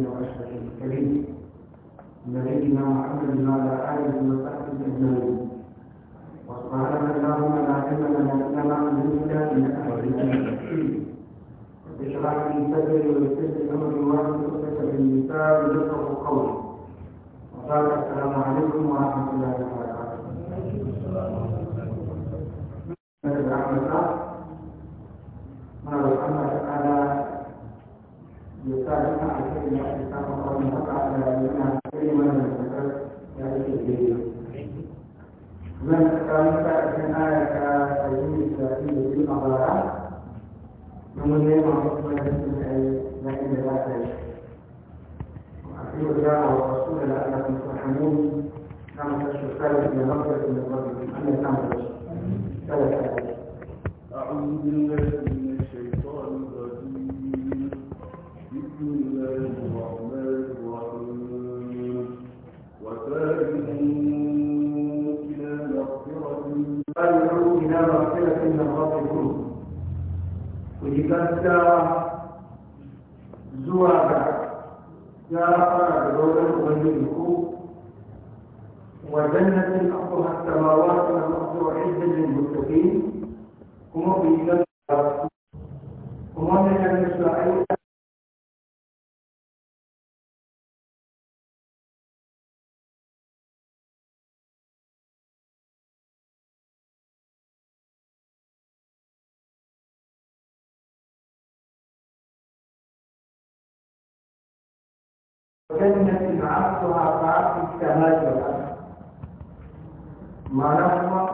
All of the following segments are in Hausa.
الكريم واشرف الكريم نبينا محمد وعلى اله وصحبه اجمعين وسبحانك اللهم لا علم لنا الا ما علمتنا انك انت الحكيم اشرح لي صدري ويسر لي امري واحلل عقدة من لساني يفقه قولي وقال السلام عليكم ورحمه الله وبركاته. من sekalika dengan ayat ini berarti itu adalah namun dia mampu menjelaskan ayat yang jelas. وأخير دعوة الرسول لأنكم ترحمون كما تشكر من ربكم من ربكم أن تعملوا ثلاثة أعوذ بالله gaskiya zuwa ga ya fara da rogar ubangiji ko wajen na cin abu hasta ma wa su na masu wa ɗin kuma ku yi gaskiya kuma wanda ya kan a yi وجنة عرضها كعرض السماء والأرض معناها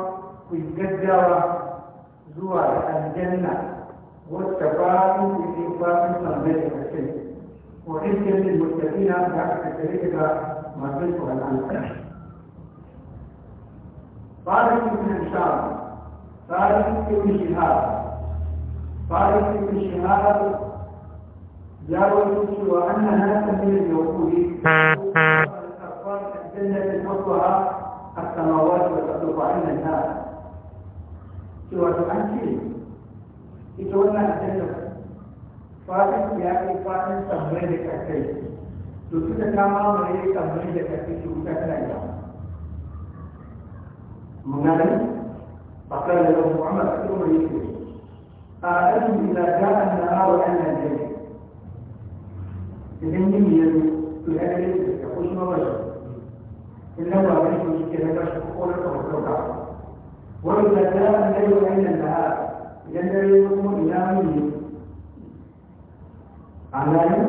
الجدة زوى الجنة والتفاهم في إنفاق الصندوق الحسين وعزة المتقين بعد الشركة مجلس والأنفاق قال ابن شهاب قال ابن شهاب قال ابن شهاب ya wani cewa an na nasa ne da ya kuri a kasuwar da ta kasuwa a samawa da ta kasuwa an na ta cewa ta an ce ita wannan ɗin da fatan ya ke fatan samuwar da ta kai to su da kama yi samuwar da ta shi wuta kan ya muna ba kan da ya kuma da kuma yi a ɗin da ta ga an na hawa ɗin بالمية الآلي يخش مباشرة إنه عليه مشكلة مشكورة ومتوقعة والفتاة الليل أين النهار يندري يقوم إلى منه أعلاني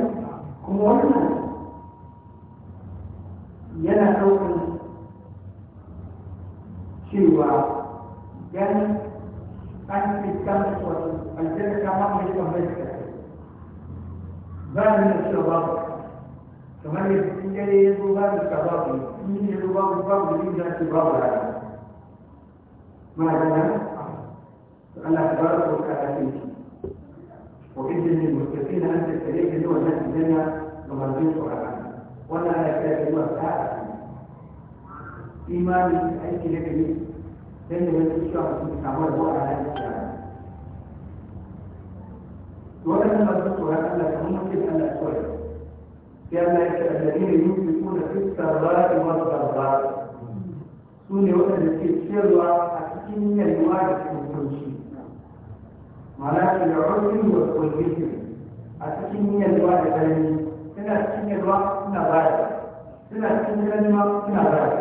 كم ورنا ينا سوق شيوا كان أنت تتكلم الجنة كمان من الأمريكا باب الاستغراق كمان يبقى يدعو باب الاستغراق مين يدعو باب الفرد مين يدعو استغراق هذا ماذا الله تبارك وتعالى وبإذن المتقين أنت السريع اللي هو الناس الدنيا ومرضين سرعان ولا على كتاب الله تعالى إيمان أي كلمة لأن من الشهر في التعامل هو على هذا الشهر ولكن ألا ممكن أن يكون لأن الذين يمسكون في السراء والضراء سوني وقت في السراء أكيني يوارد من كل شيء معناه في العرض والقلبي أكيد يوارد من ina cikin yalwa ina baya ina cikin ganima ina baya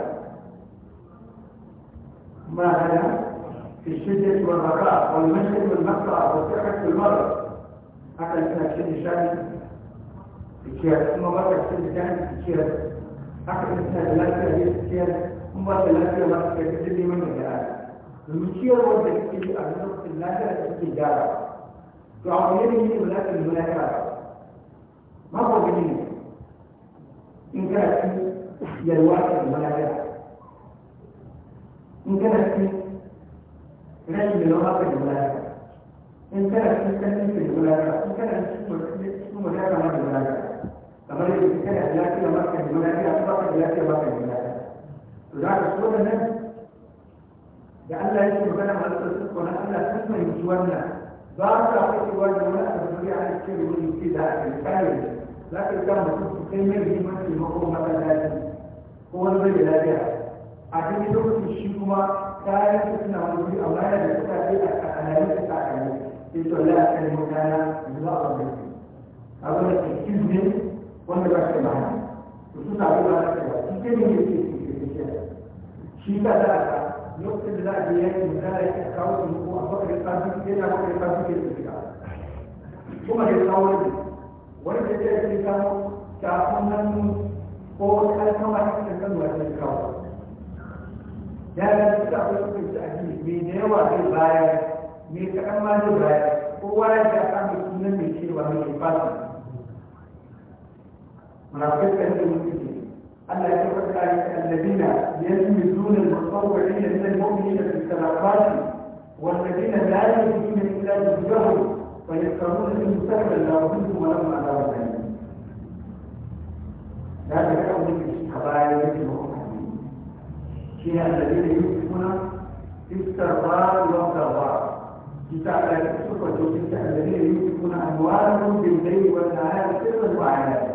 ما هذا في الشدة والبقاء والمشهد والمقطع والصحة والمرض haka suna cin nishani su kuma ba ta cin nishani su haka in suna da lafiya ne su kuma ba ta lafiya ba su ciyar ta neman da gyara domin ciyarwar da suke yi a lokacin lafiya da suke gyara to a wani yanayi ne ba za lafiya ba ma ko gani ne in kana cin yalwa ta lafiya in kana cin rashin yalwa ka lafiya in kana cikin kasan ke wulaka in kana cikin mutaka ma da wulaka kamar yadda kana da lafiya ma ka da wulaka ba ka da lafiya ba da wulaka to za ka so da nan da Allah ya ce magana ma da su ko Allah sun fahimci wannan ba ka fahimci wannan wani abu da ya ce da wani ce da aka kare za ka ga mutum kai mai muhimmanci mako matsalaci ko wani bai da lafiya a cikin lokacin shi kuma kayan suna wani amma yana da kuɗaɗe a kanayi da kanayi sai to la ka nemo kaya zuwa a wannan a wannan excuse ne wanda ba shi da ma'ana to su ta ruwa da kai shi ke ne yake shi ke shi ka da ka lokacin da za a je yankin da ya kawo su ko a baka da tsafi ke da baka da tsafi ke da shiga kuma da kawo ne wani da ke da kawo shafin hannu ko kalmar da kan wata kawo ya ga duka akwai kusurci a jini mai da yawa zai bayar me kaɗan ma zai bayar kowa ya ta samu sunan mai cewa mai fasa munafik kan da mutum Allah ya tabbata ya ce alladina yasmizuna al-musawwirin min al-mu'minina fi salawati والذين لا يؤمنون إلا بالجهل ويذكرون المستقبل لا يضلهم ولهم عذاب أليم. ذلك أمر الكبائر المؤمنين. فيها الذين يؤمنون في السراء والضراء بتاع الصفة الجنسية الذين يمسكون أموالهم بالليل والنهار سرا وعلانية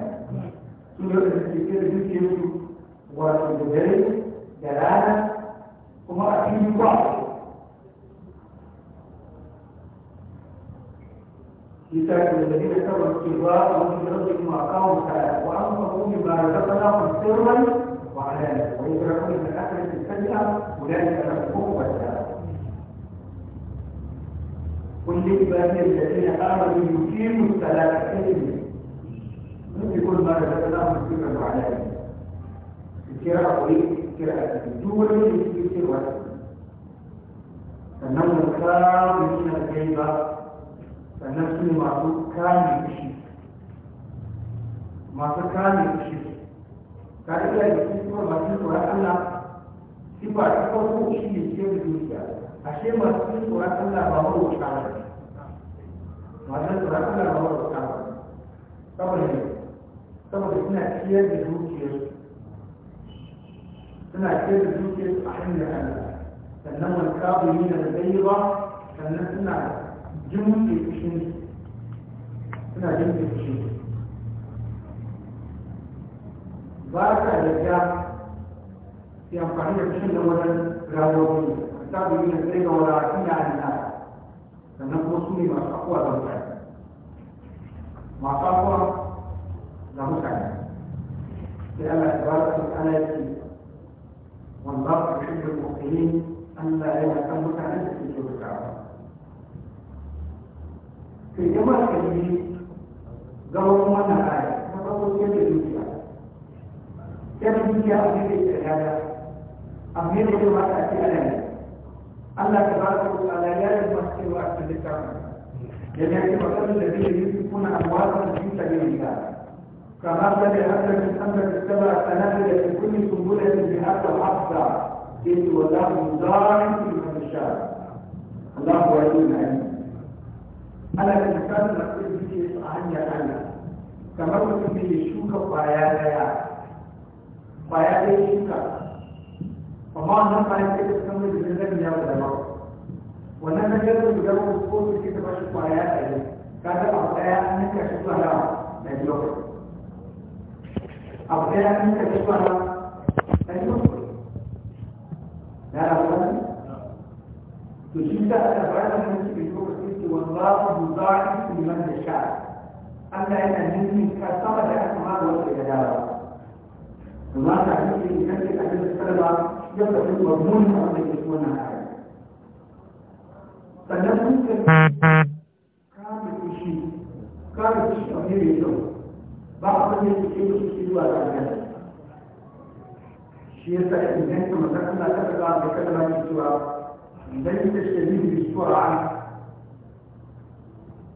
سورة الاستكبار يمكن والجبال جلالة هما أكيد بعض كتاب الذين كفروا الكبار ومن ربهم أقاموا الصلاة وأنفقوا مما رزقناهم سرا وعلانية ويدركون من أكلة السيئة أولئك لهم قوة والنسبة للذين آمنوا يقيموا الصلاة كلمة ممكن يكون ما رزقناهم سرا وعلانية القراءة طريق القراءة في يصير واسع فالنوم الكامل من الغيبة فالنفس المعروف كامل بشيء معروف كامل بشيء فإذا يكون معروف وأنا سبع تفوق شيء يصير بالدنيا ashe masu cin tsoron Allah ba wani wuta ba masu tsoron Allah ba wani wuta ba saboda ne saboda suna ciyar da dukiyarsu suna ciyar da dukiyarsu a hanyar Allah sannan wani kabiri da zai ba sannan suna jimke fushin suna jimke fushin ba sa yarda sai amfani da fushin da wajen rabuwa sabi ne sai ga wadawa ina da na sannan kuma su ne masu akuwa da mutane masu akuwa da mutane sai Allah ya ba su ana yake wallahu yuhibbul mu'minin Allah yana san mutanen da suke ba, sai ya ma ka yi gama kuma na aya na farko sai da dukiya sai da dukiya a cikin da ya ga amma yadda ya mata a cikin alaƙa Allah ta baraka wa ta'ala ya yi masu cewa a cikin kafin da ya ce wasan da zai yi kuna amwata da jinta ne da kamar da ya hada da sanar da ba a sanar da ya sun kumbura da ya hada hafsa ya ce wa za mu zarin su kan sha Allah ku wani na yi ana da misalin da kuma suke su a hanyar Allah kamar mutum da ya shuka kwaya daya kwaya daya shuka فمعظم فلسفه السنه بالنسبه لي هو وانا كده بجاوب الصوت كده بشوف ايات ايه كذا اضياء انك اشوفها مجلوك اضياء انك اشوفها مجلوك لا لا تجد الأبعاد التي بالكرسي والله يضاعف لمن يشاء أما أن مني كثرة الأسماء والإجابة الله تعالى يمثل أهل السلبة ya faɗi mummunan abin da suna aya sannan suka kama kishi kama kishi mai kyau ba da ya ke kishi zuwa ranar shi yasa idan Allah ta da kalma ke da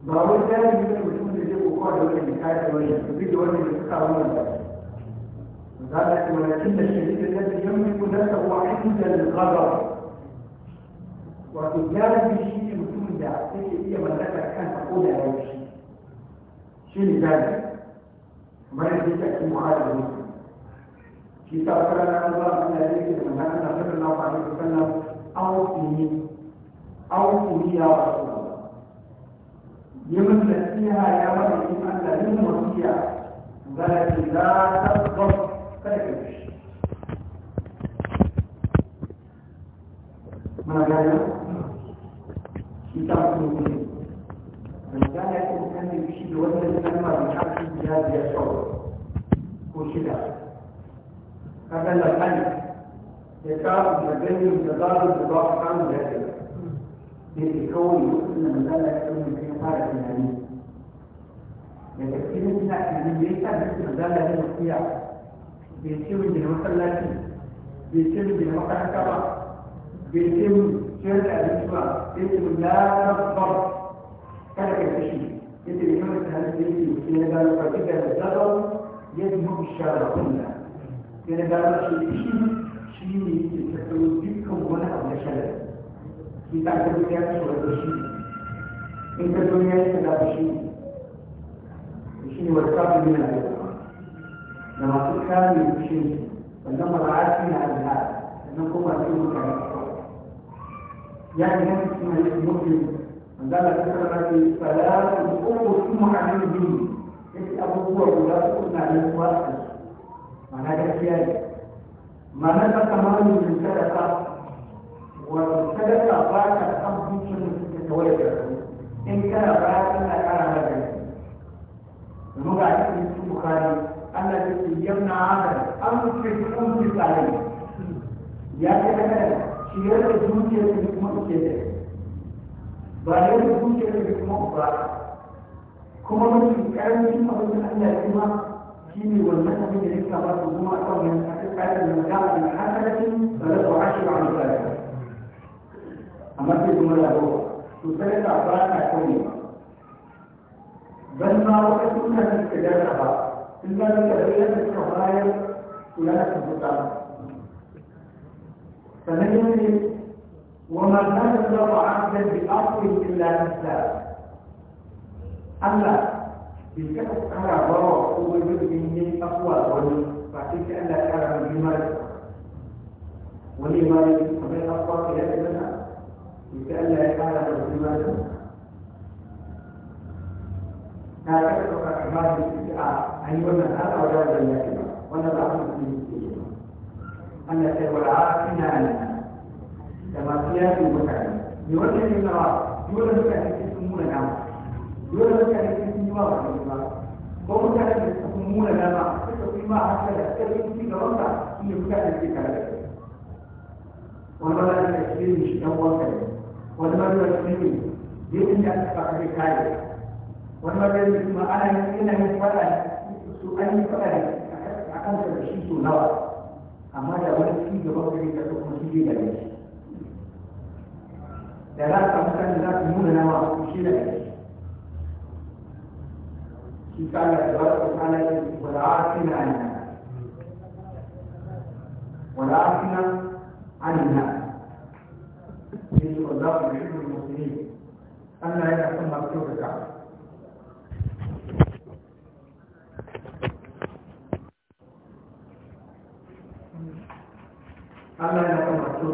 ba wai mutum da kokowa da wani wani duk da wani da suka wani قالت ولكن الشديد الذي يملك ذاته عند الغضب وتجارب الشيء mutum da take iya mallakar kansa ko da ya shi shi ne gani kamar yadda yake a cikin muhalli da mutum shi sa wata rana an zuwa abin da yake da manzan Allah sallallahu alaihi wasallam an kuni an kuni ya wa yi min nasiha ya wa da yin Allah yin wasiya zalati la tasbah فلا تنفش ما كان يتعرف المسلمين من كان يكون كان يمشي بوزن الكلمة من عكس الجهاد يشعر وشدة هذا الحل يتعرف مجاني وتضارب بضعف عنه هكذا يتكون يقول من ذلك يكون في حالة العليم لكن في نفس الوقت من ليس مثل ذلك المطيع bai ce mun gina masallaci bai ce mun gina makaranta ba bai ce mun ciyar da abinci ba ya ce mun larabar kada ka kashi ya ce mun da halittu ya ce mun ya gano farki da zazzau ya ji mun shara kunna ya na gano shi shi shi ne ke tattaro dukkan wani abu na shalar shi ta ta duniya ta shawar da shi in ta duniya ta da shi shi ne wata kafin yana yau da masu kare fushin sannan mara'aci na alha sannan kuma su mutane ya yi yanzu suna yin mutum wanda da suka rafi fara su kuma su ma'anin biyu yake abubuwa guda su na yin wasu mana gaskiya ne mana ta kamarin yin sadaka wato sadaka ba ta san hukun da suke kawai da su in kana ba ta kara magana. Muga cikin su bukari الذي يمنع هذا المشركون في التعليم يا كلمة شيرة الدنيا في الموت كده بعير الدنيا في الموت كما من كلام في مثلا أن الإمام كيمي والمسح من الإسلام وما أكثر من أكثر من مجال من حسنة بلغ عشر عن ذلك أما في الجملة هو تسلط أفراد أكثر بل ما وقت كنا في استجابة إلا لكبيرة الكبائر أولئك الكفار فمن وما كان الله عبدا بأصل إلا نفسه أما بكأس على ضرر قوة من أقوى ولي فعليك ألا كان من جمال ولما مالك ومن أقوى إلى أبناء بكأن لا كان من جمال ta kada ɗaukar albashi a an yi wannan har a wajen da ya ba wannan ba su su yi ke ba Allah sai wala ina ne da masu yaƙi mutane ne wanda ya nuna wa dole mutane sai sun muna nama dole mutane sai sun yi wa wani ba ko mutane da suka muna nama suka fi ma haka da suka yi ci gaban ka shi ne mutane ke tare da kai wani ma da shi ne shi ɗan wanka ne wani ma da shi ne zai inda aka faɗa kai kare wannan da yake kuma ana yin ina yin fada su an yi fada a kan sa da shi so nawa amma da wani ci gaba da yake da kuma shi da shi da za ka mutane za su nuna nawa shi da shi shi ta Allah da wata kana yin wala'afina anna wala'afina anna Yesu Allah ya yi musulmi Allah yana son masu kyau da kafa Allah yana kan masu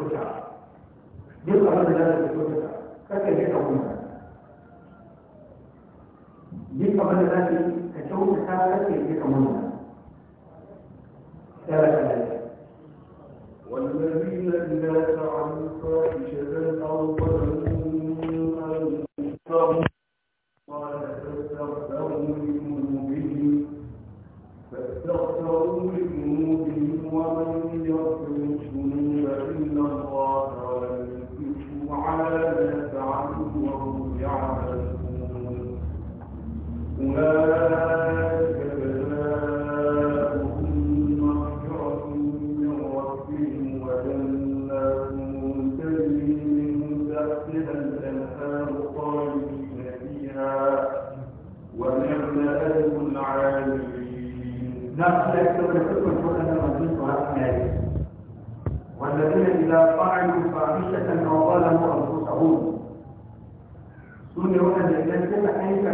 duk abin da za ta kyauta kaka yi ka kuma duk abin da za ta ka kyauta ta kaka yi ka kuma والذين إذا فعلوا فاحشة أو ظلموا أنفسهم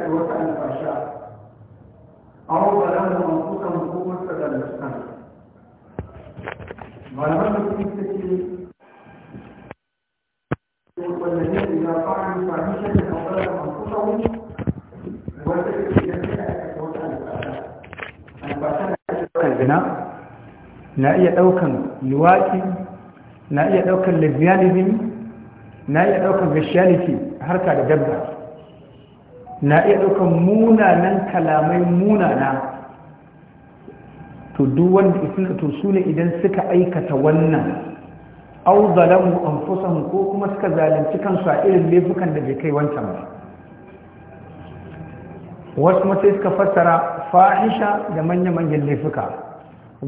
rayuwarsa alfasha aw balamu anfusahum ko kuma malaman da ta ce ke wata alfasha alfasha na na iya ɗaukan luwaki, na iya ɗaukan lesbianism na iya ɗaukan bestiality harka da dabba na iya ɗaukan munanan kalamai munana to duk wanda suna to su ne idan suka aikata wannan au zalamu anfusahum ko kuma suka zalunci kansu a irin laifukan da bai kai wancan ba wasu kuma sai suka fassara fahisha da manya-manyan laifuka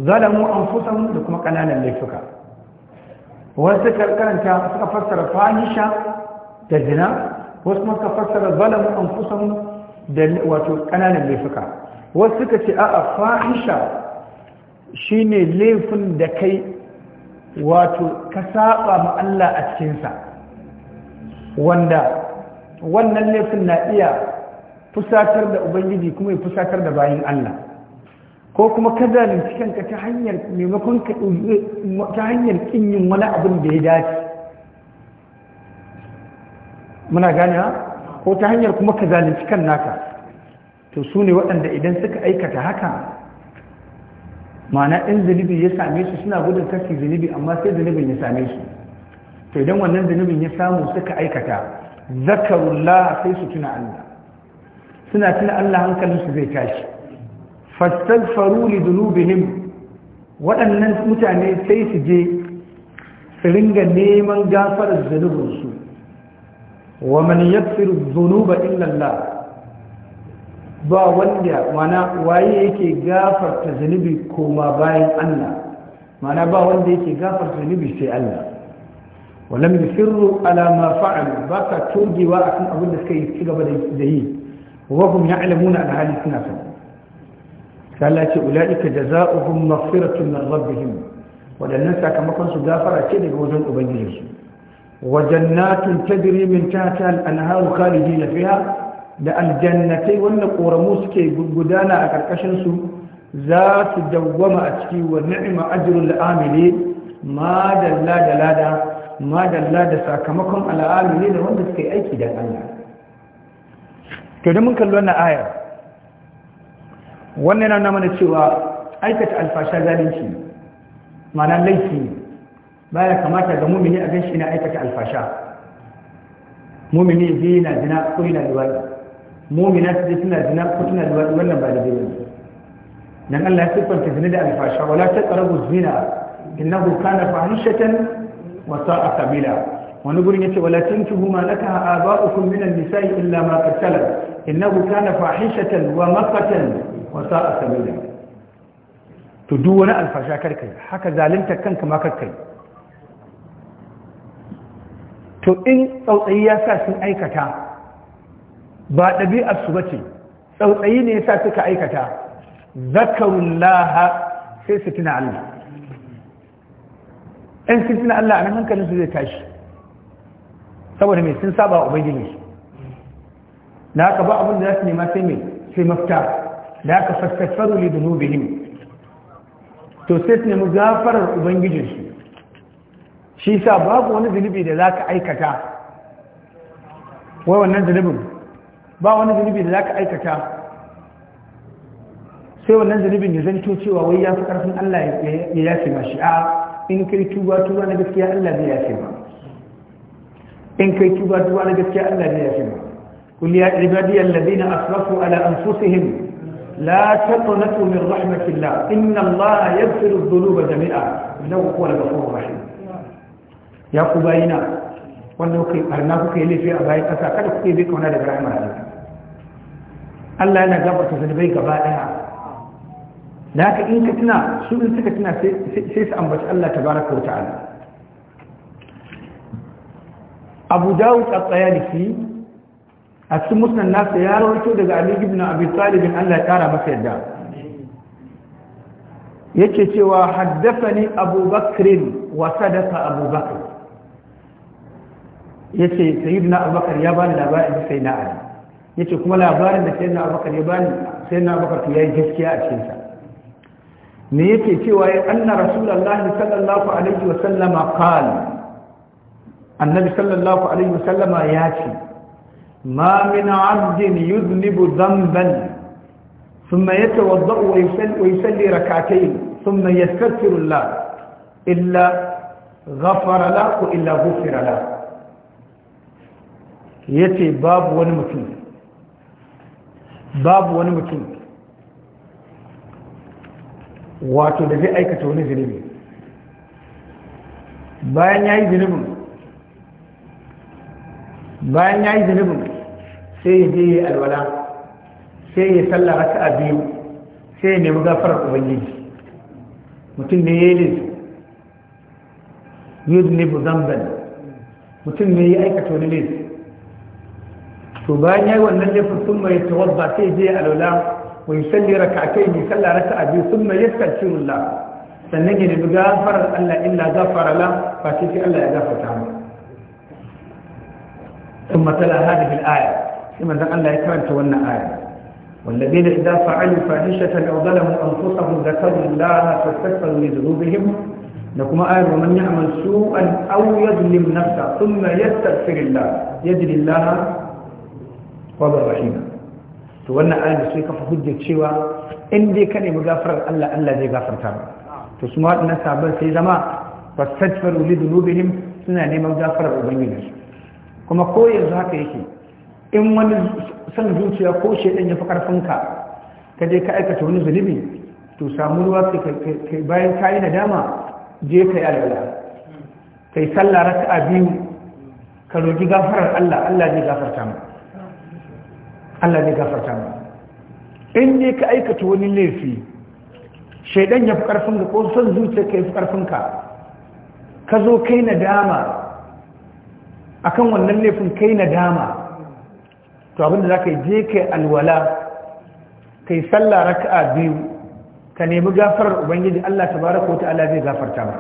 zalamu anfusahum da kuma ƙananan laifuka wasu karanta suka fassara fahisha da zina wasu maka fassara zalamu an kusan da wato ƙananan laifuka wasu suka ce a'a fahisha shine laifin da kai wato ka saba ma Allah a cikinsa wanda wannan laifin na iya fusatar da ubangiji kuma ya fusatar da bayan Allah ko kuma ka zalunci kanka ta hanyar maimakon ka ta hanyar kin yin wani abin da ya dace muna gane ko ta hanyar kuma ka zalunci kan naka to su ne waɗanda idan suka aikata haka mana in zunubi ya same su suna gudun kashi zunubi amma sai zunubin ya same su to idan wannan zunubin ya samu suka aikata zakarullah sai su tuna Allah suna tuna Allah hankalinsu zai tashi fastaghfaru li dhunubihim waɗannan mutane sai su je su ringa neman gafarar zunubinsu wa man yaghfiru dhunuba illa ba wanda mana waye yake gafarta zunubi koma bayan Allah mana ba wanda yake gafarta zunubi sai Allah walam yusirru ala ma fa'alu ba ka togewa akan abin da suka yi ci gaba da yi wa hum ya'lamuna al hali suna sani Allah ce ula'ika jaza'uhum maghfiratun min rabbihim wadannan sakamakon su gafara ce daga wajen ubangijinsu وجنات ta من تحتها الأنهار خالدين فيها da aljannatai wanda ƙoramu suke gudana a ƙarƙashinsu za su dawwama a ciki wa ni'ima ajrul amile ma dalla da lada ma dalla da sakamakon al'amile da wanda suke aiki da Allah to da mun kalli wannan ayar wannan yana nuna mana cewa aikata alfasha zalunci ma'ana laifi ne Ba ya kamata ga mumini a ganshi na aikata alfasha mumini biyu na zina ko yana liwaɗi mumina su suna zina ko suna liwaɗi wannan ba da zai nan Allah ya siffanta zina da alfasha wala ta tsarabu zina innahu kana fahishatan wa sa'a kabila wani gurin yace wala tankihu ma laka aba'ukum min an-nisa'i illa ma qad salat innahu kana fahishatan wa maqatan wa sa'a kabila to duk wani alfasha karkai haka zalunta kanka ma karkai to in tsautsayi ya sa sun aikata ba ɗabi'ar su ce, tsautsayi ne ya sa suka aikata zakarullaha sai su tuna Allah in sun tuna Allah a nan hankalin su zai tashi saboda mai sun saba wa ubangiji na haka ba abin da za su nema sai mai sai mafita da haka fassafaru li dunubihim to sai su nemi gafarar ubangijinsu shi sa babu wani zunubi da za ka aikata wai wannan zunubin ba wani zunubi da za ka aikata sai wannan zunubin ya zanto cewa wai ya fi ƙarfin Allah ya yafe ma shi a in kai tuba tuba na gaskiya Allah zai yafe ma in kai tuba tuba na gaskiya Allah zai yafe ma قل يا عبادي الذين أسرفوا على أنفسهم لا تقنطوا من رحمة الله إن الله يغفر الذنوب جميعا إنه هو الغفور ya ku bayina wanda kuka yi barna kuka yi laifi a bayan ƙasa kada kuka yi bai kauna daga rahama ne Allah yana gabata bai gaba ɗaya da haka in ka tuna su in suka tuna sai su ambaci Allah ta baraka wa ta'ala Abu Dawud at-Tayalisi a cikin musnan nasa ya rawaito daga Ali ibn Abi Talib Allah ya kara masa yadda yake cewa haddathani Abu Bakr wa sadaka Abu Bakr ya ce sayyidina abubakar ya bani labarin da sai na ali ya ce kuma labarin da sayyidina abubakar ya bani sayyidina abubakar ya yi gaskiya a cikinsa me yake cewa ya anna rasulullahi sallallahu alaihi wa sallama annabi sallallahu alaihi wa sallama ya ce ma min 'abdin yudnibu dhanban thumma yatawadda'u wa yusalli wa rakatai rak'atayn ma yastaghfiru Allah illa ghafara ko illa ghufira la? ya ce babu wani mutum babu wani mutum wato da zai aikata wani zunubi bayan ya yi zunubin bayan ya yi zunubin sai ya je alwala sai ya salla raka a biyu sai ya nemi gafarar ubangiji mutum ne ya yi laifi yudnibu zamban mutum ne ya aikata wani laifi to bayan yayi wannan laifin sun mai tawadda sai je alwala wa yusalli rak'atayn ni sallah a biyu sun mai yastaghfirullah sannan ya nemi gafarar Allah illa ghafara la fa sai Allah ya gafarta masa ثم تلا هذه الآية ثم ذا الله يكرم تولى آية والذين إذا فعلوا فاحشة أو ظلموا أنفسهم ذكروا الله فاستغفروا لذنوبهم لكم آية ومن يعمل سوءا أو يظلم نفسه ثم يستغفر الله يجري الله wabar rahima to wannan ayar sai kafa hujjar cewa in dai ka nemi gafarar Allah Allah zai gafarta ba to su ma waɗannan sabon sai zama fastaghfiru li dhunubihim suna neman gafarar ubangiji kuma ko yanzu haka yake in wani san zuciya ko shedan ya fi karfin ka ka je ka aikata wani zunubi to samu ruwa kai bayan kayi nadama je ka yi alwala kai sallah raka'a biyu ka roki gafarar Allah Allah zai gafarta maka Allah ne gafarta mu in ne ka aikata wani laifi shaidan ya fi karfin ka ko son zuciya ka fi karfin ka ka zo kai na a akan wannan laifin kai na dama to abinda za ka yi je kai alwala kai sallah raka'a biyu ka nemi gafarar ubangiji Allah ta tabaraka wata'ala zai gafarta ba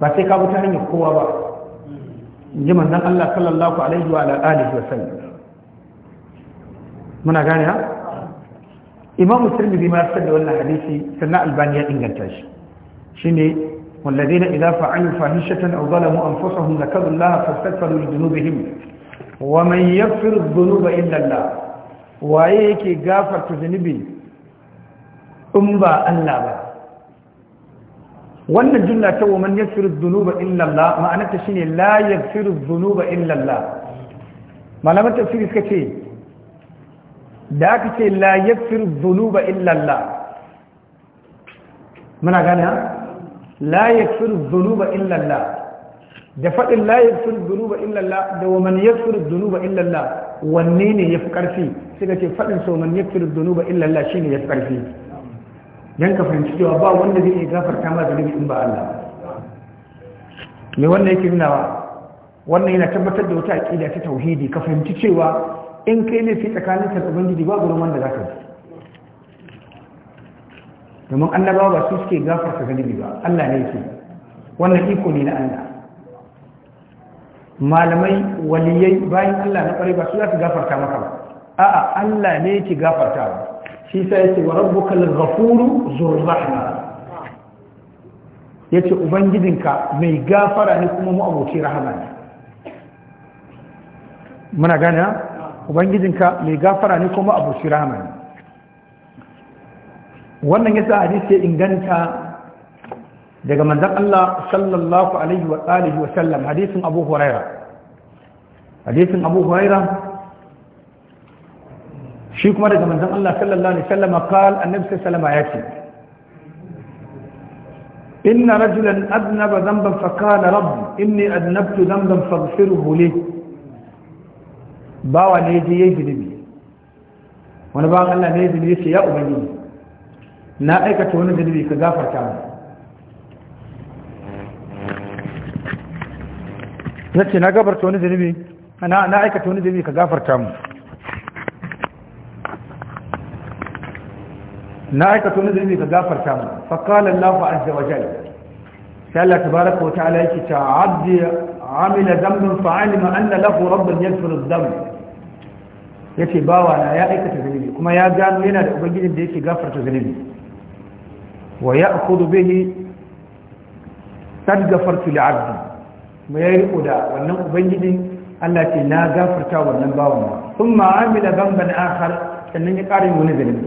ba sai ka bi ta hanyar kowa ba in ji manzan Allah sallallahu alaihi wa alihi wa sallam muna gane ha imamu tirmidhi ma da wannan hadisi sannan albani ya inganta shi an fasa إذا فعلوا فاحشة أو ظلموا أنفسهم ذكروا الله فاستغفروا لذنوبهم ومن يغفر الذنوب إلا الله وأيك غافر ذنبي In ba Allah ba. wannan jumla ta wa man yaghfiru dhunuba illa Allah ma'anarta shine la yaghfiru dhunuba illa Allah malaman tafsiri suka ce da aka ce la yaghfiru dhunuba illa Allah muna gane ha la yaghfiru dhunuba illa Allah da fadin la yaghfiru dhunuba illa Allah da wa man yaghfiru dhunuba illa Allah wanne ne yafi karfi ka ce fadin so man yaghfiru dhunuba illa Allah shine yafi karfi dan ka fahimci cewa ba wanda zai iya gafarta ma da in ba Allah me wannan yake nunawa wannan yana tabbatar da wata aqida ta tauhidi ka fahimci cewa in kai fi tsakanin ka da ubangiji ba da wanda ka bi domin annabawa ba su suke gafarta zunubi ba Allah ne ke wannan iko ne na Allah malamai waliyai bayan Allah na ƙwarai ba su za su gafarta maka ba a'a Allah ne ke gafarta ba shi sa ce wa rabbuka al-ghafuru zurrahma yace ubangijinka mai gafara ne kuma mu abuci rahama ne muna gane ubangijinka mai gafara ne kuma abu shi ne wannan ya sa hadisi inganta daga manzan Allah sallallahu alaihi wa alihi wa sallam hadisin Abu Huraira hadisin Abu Huraira shi kuma daga manzan Allah sallallahu alaihi wa sallam qala annabi sallallahu alaihi wa sallam yace إن رجلا أذنب ذنبا فقال رب إني أذنبت ذنبا فاغفره bawa ne je yayi zunubi wani bawan Allah ne zunubi ce ya ubangiji na aikata wani zunubi ka gafarta mu na ce na gafarta wani zunubi na aikata wani zunubi ka gafarta mu na aikata wani zunubi ka gafarta mu fa qala Allahu azza wa jalla sai Allah tabaraka wa ta'ala yake ta abdi amila dhanban fa alima anna lahu rabban yaghfiru dhanba ya ce bawa na ya aikata zunubi kuma ya gano yana da ubangijin da yake gafarta zunubi wa ya akudu bihi tad gafartu li abdi kuma ya riko da wannan ubangijin Allah ce na gafarta wannan bawan na kuma amila zamban akhar sannan ya ƙara yin wani zunubi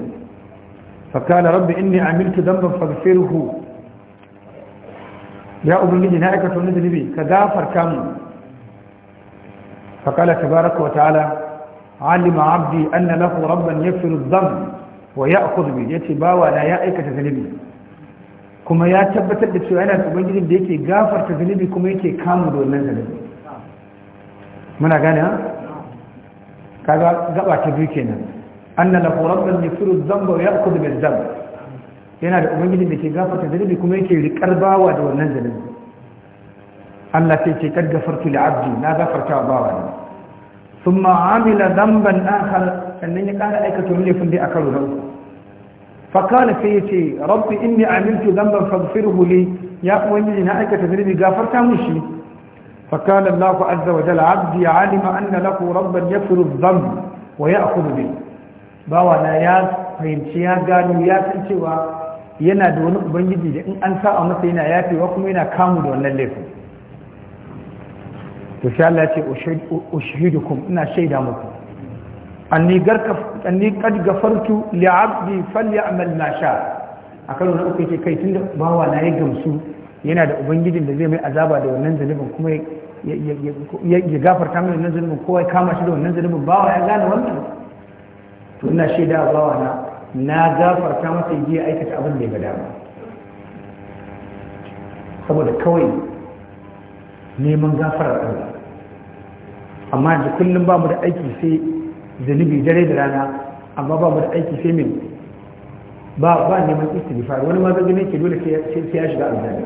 fa kana rabbi inni amiltu zamban faghfirhu ya ubangiji na aikata wani zunubi ka gafarta mu fa kala tabaraka wa ta'ala علم عبدي أن له ربا يغفر الذنب ويأخذ بيدتي باوى لا يأيك تذنبي كما يا تبت لتسوئنا كمين جديد ديكي غافر تذنبي كما يكي كامل دور من ذنبي منا قانا كذا قبع تبيكينا أن له ربا يغفر الذنب ويأخذ بالذنب yana da ubangiji da ke gafarta zalibi kuma yake rikar bawa da wannan zalibi Allah sai ce kad gafartu li abdi na gafarta bawa ne ثم عمل ذنبا آخر فإنني قال أيك تمني فندي أكبر فقال سيتي ربي إني عملت ذنبا فاغفره لي يا أمي إن أيك تذريبي غافرت مشي فقال الله عز وجل عبدي علم أن له ربا يغفر الذنب ويأخذ به باوا لا ياس فهمتيا قالوا ياس انتوا ينادون أبنجي دي إن أنسى أمسينا ياتي وكمينا كامل ونالفو to sai Allah ya ce ushidukum ina shaida muku anni garka anni qad gafartu li 'abdi falyamal ma sha akan wani uku yake kai tunda bawa na ya gamsu yana da ubangijin da zai mai azaba da wannan zalibin kuma ya gafarta mai wannan zalibin kowa ya kama shi da wannan zalibin bawa ya gane wannan to ina shaida bawa na na gafarta masa ya aikata abin da ya ga dama saboda kawai neman gafarar ɗaya amma da kullum ba mu da aiki sai zanibi dare da rana amma ba mu da aiki sai min ba ba neman faru wani ma zai ne ke dole sai ya shiga aljanna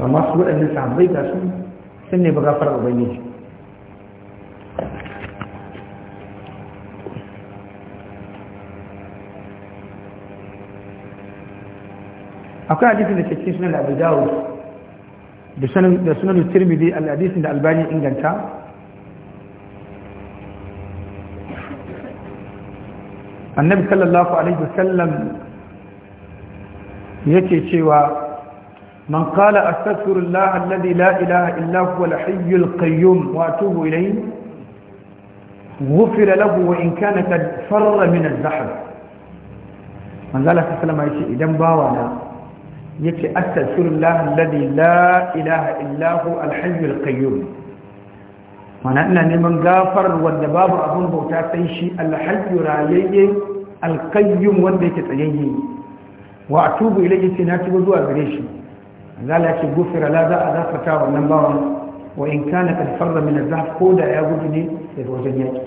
amma su waɗannan sahabbai ga su sun ne ba gafarar ubangiji akwai hadisin da ke cikin sunan abu dawud da sunan tirmidhi al-hadisin da albani inganta annabi sallallahu alaihi wasallam yake cewa man qala astaghfirullah alladhi la ilaha illa huwa al-hayyul qayyum wa atubu ilayhi غفر له وإن كان قد فر من الزحف من ذلك السلام يقول إذن باوانا yace astaghfirullah alladhi la ilaha illa hu alhayyul qayyum mana ina neman gafar wanda babu abun bauta sai shi alhayyu rayayye alqayyum wanda yake tsayayye wa atubu ilayhi sai na tuba zuwa gare shi zalla ce gufira la za a zafata wannan bawan wa in kana kad farra min az ko da ya gudu ne daga wajen yaki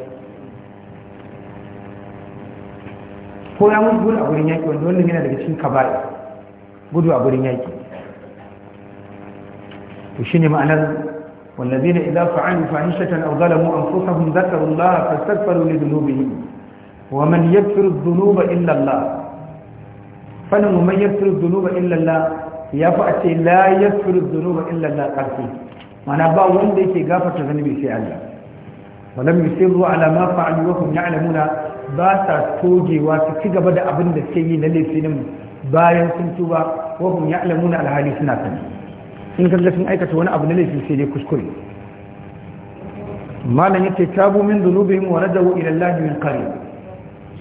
ko ya mutu a gurin yaki wanda wannan yana daga cikin kaba'i gudu a gurin yaki. to shi ne ma'anar wallazi na idan fa’ani fa’ani shatan auzala mu an fusa hun zakar Allah ta tattaro ne zunubi ne wa man yi fir zunuba illalla fannin mu man yi fir zunuba illalla ya fi a ce la yi fir zunuba illalla ƙarfi mana ba wanda yake gafata zanibi sai Allah wannan mai sirru ala ma fa’ani wa kun ya alamuna ba ta togewa su ci gaba da abin da ke yi na laifinin bayan sun tuba ya alamu na alhali suna sani in kaga sun aikata wani abu na laifi sai dai kuskure malam yace tabu min dhunubihim wa radawu ila Allah min qarib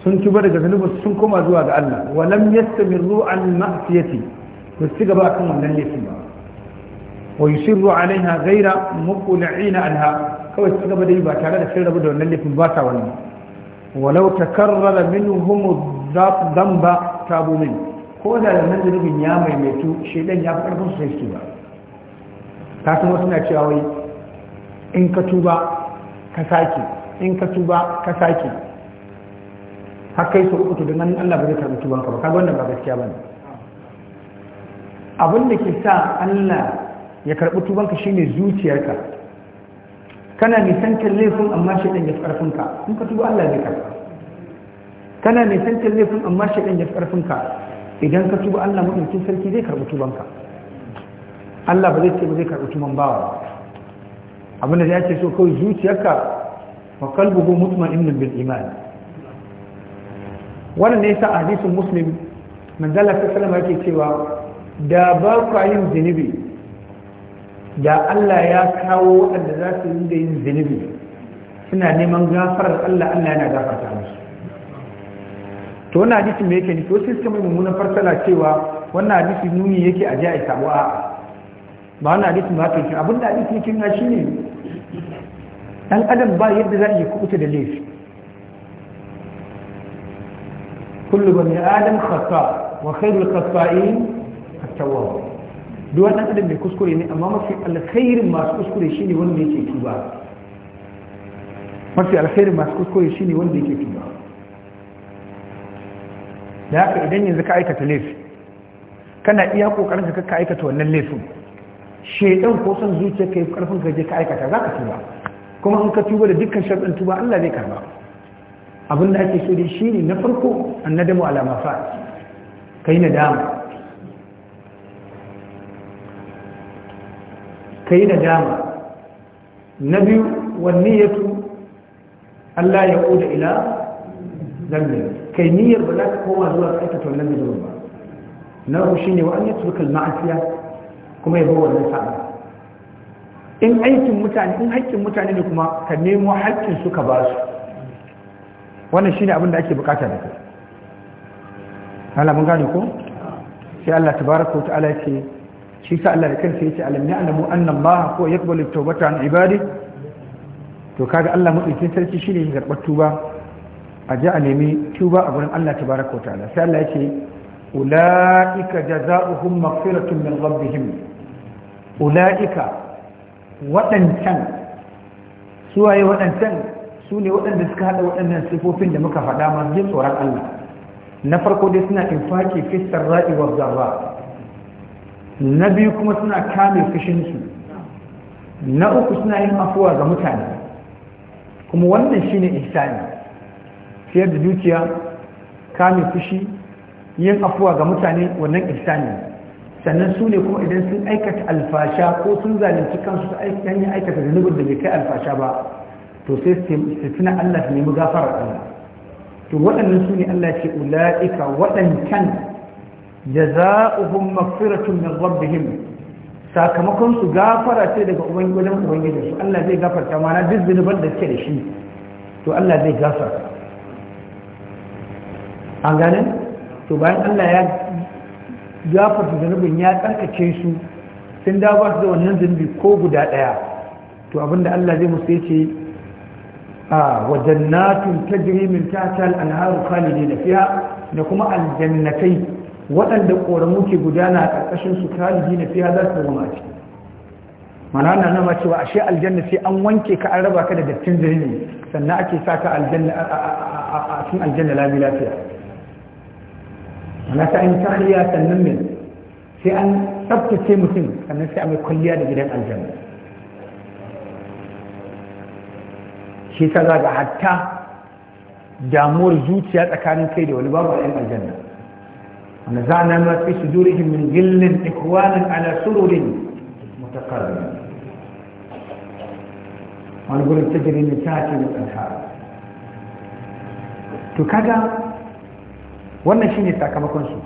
sun tuba daga zanubin sun koma zuwa ga Allah wa lam yastamirru an ma'siyati ba su gaba kan wannan laifin ba wa yusirru alaiha ghaira muqli'ina anha kawai su gaba dai ba tare da sun rabu da wannan laifin ba ta wannan walau takarrara minhum dhanba tabu min ko da nan zunubin ya maimaitu shaidan ya fi karfin su sai ba ta kuma suna cewa wai in ka tuba ka sake in ka tuba ka sake har kai su uku to dan Allah ba zai karbi tuban ka ba kaga wannan ba gaskiya ne. abin da ke sa Allah ya karbi tubanka shine zuciyarka kana nisantar laifin amma shaidan ya fi ƙarfinka in ka tuba Allah zai karɓa kana nisantar laifin amma shaidan ya fi ƙarfinka idan ka tuba Allah mutuncin sarki zai karɓi tubanka Allah ba zai ce ba zai karɓi tuban bawa abinda da ya ce so kawai zuciyarka wa kalbuhu mutma'innin bil iman wannan ne yasa hadisin muslim manzala ta salama yake cewa da ba ku yin zinubi da Allah ya kawo waɗanda za su yi da yin zinubi suna neman gafarar Allah Allah yana gafarta to wannan hadisi me yake nufi wasu suka mai mummunan farsala cewa wannan hadisi nuni yake a ji a samu ba wannan hadisi ba ta yi abin da hadisi yake nuna shine dan adam ba yadda za a yi kuɓuta da laifi kullu bani adam khata wa khairul khata'in at-tawwab duk wannan adam mai kuskure ne amma mafi alkhairin masu kuskure shine wanda yake tuba mafi alkhairin masu kuskure shine wanda yake tuba da haka idan yanzu ka aikata laifi kana iya kokarin ka ka aikata wannan laifin shedan ko son zuciya kai karfin ka je ka aikata zaka tuba kuma in ka tuba da dukkan sharɗin tuba Allah zai karba abin da ake so shi ne na farko na damu alama fa kai nadama kai nadama na biyu wanniyatu Allah ya ƙuda ila zambi kai niyyar ba za ka koma zuwa ka aikata wannan zunubin ba na shi ne wa an yi al-ma'asiya kuma ya bar wannan sa'a in aikin mutane in haƙƙin mutane ne kuma ka nemo haƙƙin su ka ba su wannan ne abin da ake bukata da kai Allah mun gane ko sai Allah tabaraka ta'ala ce shi sa Allah da kansa yace alam ya'lamu anna ba ko yaqbalu tawbata an ibadi to kaga Allah mutsikin sarki shi ne ya karɓar tuba a ji a nemi tuba a gurin Allah tabaraka wa ta'ala sai Allah yake ula'ika jaza'uhum maghfiratun min rabbihim ula'ika waɗancan suwaye waɗancan su ne waɗanda suka haɗa waɗannan sifofin da muka faɗa masu jin tsoron Allah na farko dai suna infaki fistar sarra'i wa zarra na biyu kuma suna kame fushinsu na uku suna yin afuwa ga mutane kuma wannan shine ihsani ciyar da dukiya kame fushi yin afuwa ga mutane wannan ihsani sannan su ne kuma idan sun aikata alfasha ko sun zalunci kansu ta hanyar aikata zunubin da bai kai alfasha ba to sai su tuna Allah su nemi gafarar Allah to waɗannan su ne Allah ce ula'ika waɗancan jaza'uhum maghfiratun min rabbihim sakamakon su gafara ce daga ubangijin da su Allah zai gafarta mana duk zunuban da suke da shi to Allah zai gafarta an gane to bayan Allah ya gafarta zanubin ya karkace su sun dawo ba da wannan zunubi ko guda daya to abinda Allah zai musu yace a wajannatun ta min tahtiha al-anharu khalidina fiha da kuma aljannatai waɗanda ƙoramu ke gudana a ƙarƙashin su na fiya za su zama ciki mana na nama cewa ashe aljanna sai an wanke ka an raba ka da dattin zunubi sannan ake sa ka aljanna a cikin aljanna lami lafiya halatta an tahliya sannan ne sai an tsabtace mutum sannan sai a mai kwalliya da gidan aljanna shi ta zaga hatta damuwar zuciya tsakanin kai da wani babu a aljanna wanda za na ma fi su duri min gillin ikwanin ala sururin mutakarri wani gurin ta jirin ta ce mutan to kaga wannan shine sakamakon su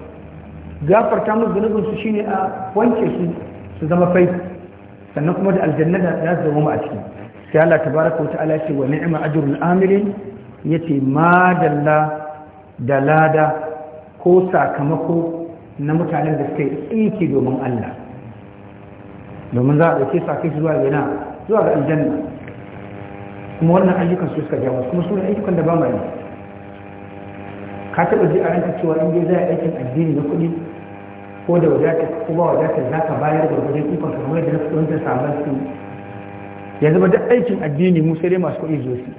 gafarta musu zunubin su shine a wanke su su zama fai sannan kuma da aljanna da za su zama a ciki sai Allah tabaraka wata'ala ya ce wa ni'ma ajrul amilin yace ma dalla da lada ko sakamako na mutanen da suke yi domin Allah domin za a ɗauke su a kai zuwa yana zuwa ga aljanna kuma wannan ayyukan su suka jawo kuma su ne ayyukan da ba mu yi ka taɓa ji a ranka cewa in dai za a aikin addini na kuɗi ko da wadata ko ba wadata za ka bayar da wajen ikon kamar yadda na kuɗin da sabon su ya zama duk aikin addini mu sai dai masu kuɗi zo su